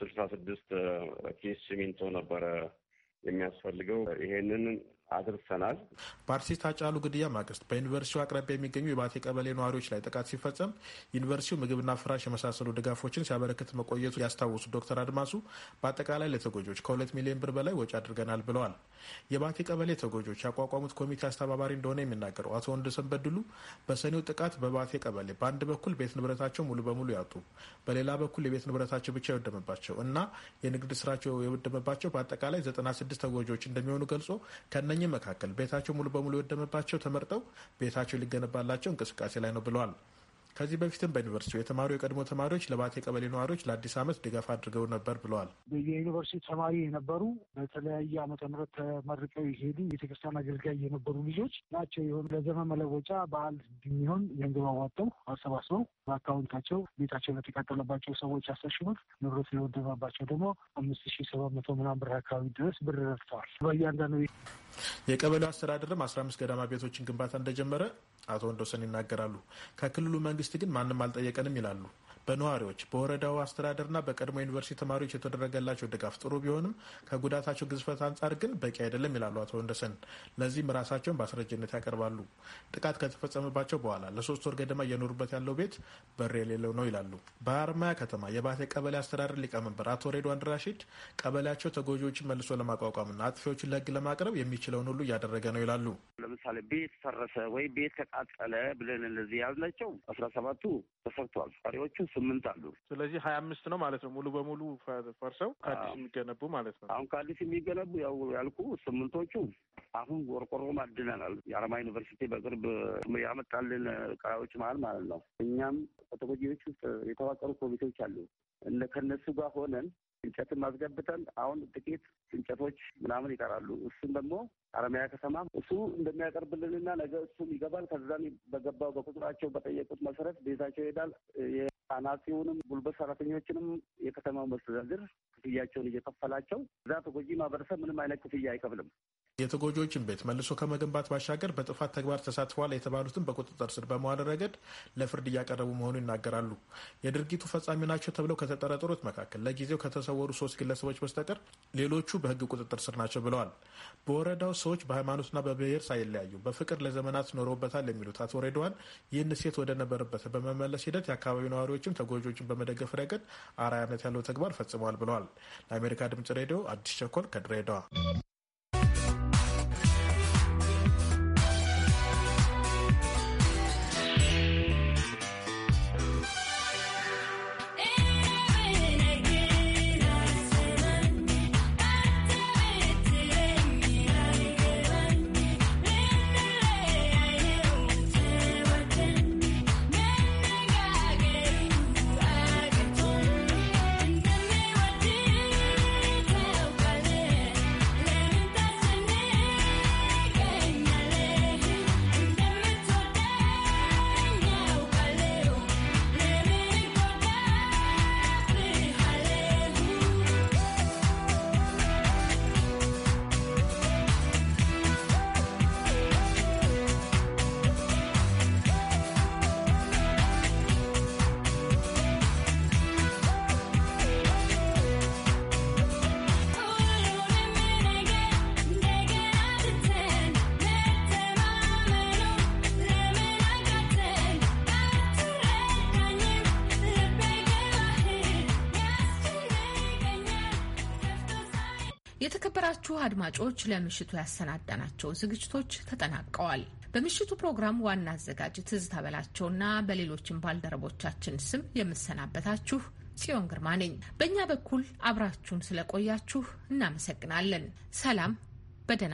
ስልሳ ስድስት ኪስ ሲሚንቶ ነበረ የሚያስፈልገው። ይሄንን አድርሰናል። በአርቲስት ሃጫሉ ግድያ ማግስት በዩኒቨርሲቲው አቅራቢያ የሚገኙ የባቴ ቀበሌ ነዋሪዎች ላይ ጥቃት ሲፈጸም ዩኒቨርሲቲው ምግብና ፍራሽ የመሳሰሉ ድጋፎችን ሲያበረክት መቆየቱ ያስታወሱት ዶክተር አድማሱ በአጠቃላይ ለተጎጆች ከሁለት ሚሊዮን ብር በላይ ወጪ አድርገናል ብለዋል። የባቴ ቀበሌ ተጎጆች ያቋቋሙት ኮሚቴ አስተባባሪ እንደሆነ የሚናገረው አቶ ወንድሰን በድሉ በሰኔው ጥቃት በባቴ ቀበሌ በአንድ በኩል ቤት ንብረታቸው ሙሉ በሙሉ ያጡ፣ በሌላ በኩል የቤት ንብረታቸው ብቻ የወደመባቸው እና የንግድ ስራቸው የወደመባቸው በአጠቃላይ 96 ተጎጆች እንደሚሆኑ ገልጾ ከነ ከእነኚህ መካከል ቤታቸው ሙሉ በሙሉ የወደመባቸው ተመርጠው ቤታቸው ሊገነባላቸው እንቅስቃሴ ላይ ነው ብለዋል። ከዚህ በፊትም በዩኒቨርሲቲው የተማሩ የቀድሞ ተማሪዎች ለባቴ ቀበሌ ነዋሪዎች ለአዲስ ዓመት ድጋፍ አድርገው ነበር ብለዋል። የዩኒቨርሲቲ ተማሪ የነበሩ በተለያየ ዓመተ ምህረት ተመርቀው የሄዱ ቤተክርስቲያን አገልጋይ የነበሩ ልጆች ናቸው። የሆኑ ለዘመን መለወጫ በዓል ሚሆን ገንዘብ አዋጥተው አሰባስበው በአካውንታቸው ቤታቸው ለተቃጠለባቸው ሰዎች አስር ሺህ ብር፣ ንብረት ለወደመባቸው ደግሞ አምስት ሺህ ሰባት መቶ ምናምን ብር አካባቢ ድረስ ብር ረድተዋል። በእያንዳንዱ የቀበሌው አስተዳደርም 15 ገዳማ ቤቶችን ግንባታ እንደጀመረ አቶ ወንዶሰን ይናገራሉ። ከክልሉ መንግስት ግን ማንም አልጠየቀንም ይላሉ። በነዋሪዎች በወረዳው አስተዳደርና በቀድሞ ዩኒቨርሲቲ ተማሪዎች የተደረገላቸው ድጋፍ ጥሩ ቢሆንም ከጉዳታቸው ግዝፈት አንጻር ግን በቂ አይደለም ይላሉ አቶ ወንደሰን። ለዚህም ራሳቸውን በአስረጅነት ያቀርባሉ። ጥቃት ከተፈጸመባቸው በኋላ ለሶስት ወር ገደማ እየኖሩበት ያለው ቤት በር የሌለው ነው ይላሉ። በአርማያ ከተማ የባቴ ቀበሌ አስተዳደር ሊቀመንበር አቶ ሬድዋን ራሺድ ቀበሌያቸው ተጎጂዎችን መልሶ ለማቋቋምና አጥፊዎችን ለህግ ለማቅረብ የሚችለውን ሁሉ እያደረገ ነው ይላሉ። ለምሳሌ ቤት ፈረሰ ወይ ቤት ተቃጠለ ብለን እነዚህ ያዝናቸው አስራ ሰባቱ ተሰርተዋል። ቀሪዎቹ ስምንት አሉ። ስለዚህ ሀያ አምስት ነው ማለት ነው ሙሉ በሙሉ ፈርሰው ከአዲስ የሚገነቡ ማለት ነው። አሁን ከአዲስ የሚገነቡ ያው ያልኩ ስምንቶቹ አሁን ቆርቆሮ አድነናል። የአረማ ዩኒቨርሲቲ በቅርብ ያመጣልን ቀራዎች መሀል ማለት ነው። እኛም ከተጎጂዎች ውስጥ የተዋቀሩ ኮሚቴዎች አሉ። ከነሱ ጋር ሆነን እንጨትን ማስገብተን አሁን ጥቂት እንጨቶች ምናምን ይቀራሉ። እሱም ደግሞ አረሚያ ከተማ እሱ እንደሚያቀርብልንና ነገ እሱም ይገባል። ከዛም በገባው በቁጥራቸው በጠየቁት መሰረት ቤታቸው ይሄዳል። አናጺውንም ጉልበት ሰራተኞችንም የከተማው መስተዳድር ክፍያቸውን እየከፈላቸው እዛ ተጎጂ ማህበረሰብ ምንም አይነት ክፍያ አይከፍልም። የተጎጂዎችን ቤት መልሶ ከመገንባት ባሻገር በጥፋት ተግባር ተሳትፈዋል የተባሉትን በቁጥጥር ስር በመዋል ረገድ ለፍርድ እያቀረቡ መሆኑ ይናገራሉ። የድርጊቱ ፈጻሚ ናቸው ተብለው ከተጠረጠሩት መካከል ለጊዜው ከተሰወሩ ሶስት ግለሰቦች በስተቀር ሌሎቹ በህግ ቁጥጥር ስር ናቸው ብለዋል። በወረዳው ሰዎች በሃይማኖትና በብሔር ሳይለያዩ በፍቅር ለዘመናት ኖረውበታል የሚሉት አቶ ሬድዋን ይህን ሴት ወደ ነበረበት በመመለስ ሂደት የአካባቢው ነዋሪዎችም ተጎጂዎችን በመደገፍ ረገድ አርአያነት ያለው ተግባር ፈጽመዋል ብለዋል። ለአሜሪካ ድምጽ ሬዲዮ አዲስ ቸኮል ከድሬዳዋ አድማጮች ለምሽቱ ያሰናዳናቸው ዝግጅቶች ተጠናቀዋል። በምሽቱ ፕሮግራም ዋና አዘጋጅ ትዝታ በላቸውና በሌሎችም ባልደረቦቻችን ስም የምሰናበታችሁ ጽዮን ግርማ ነኝ። በእኛ በኩል አብራችሁን ስለቆያችሁ እናመሰግናለን። ሰላም በደና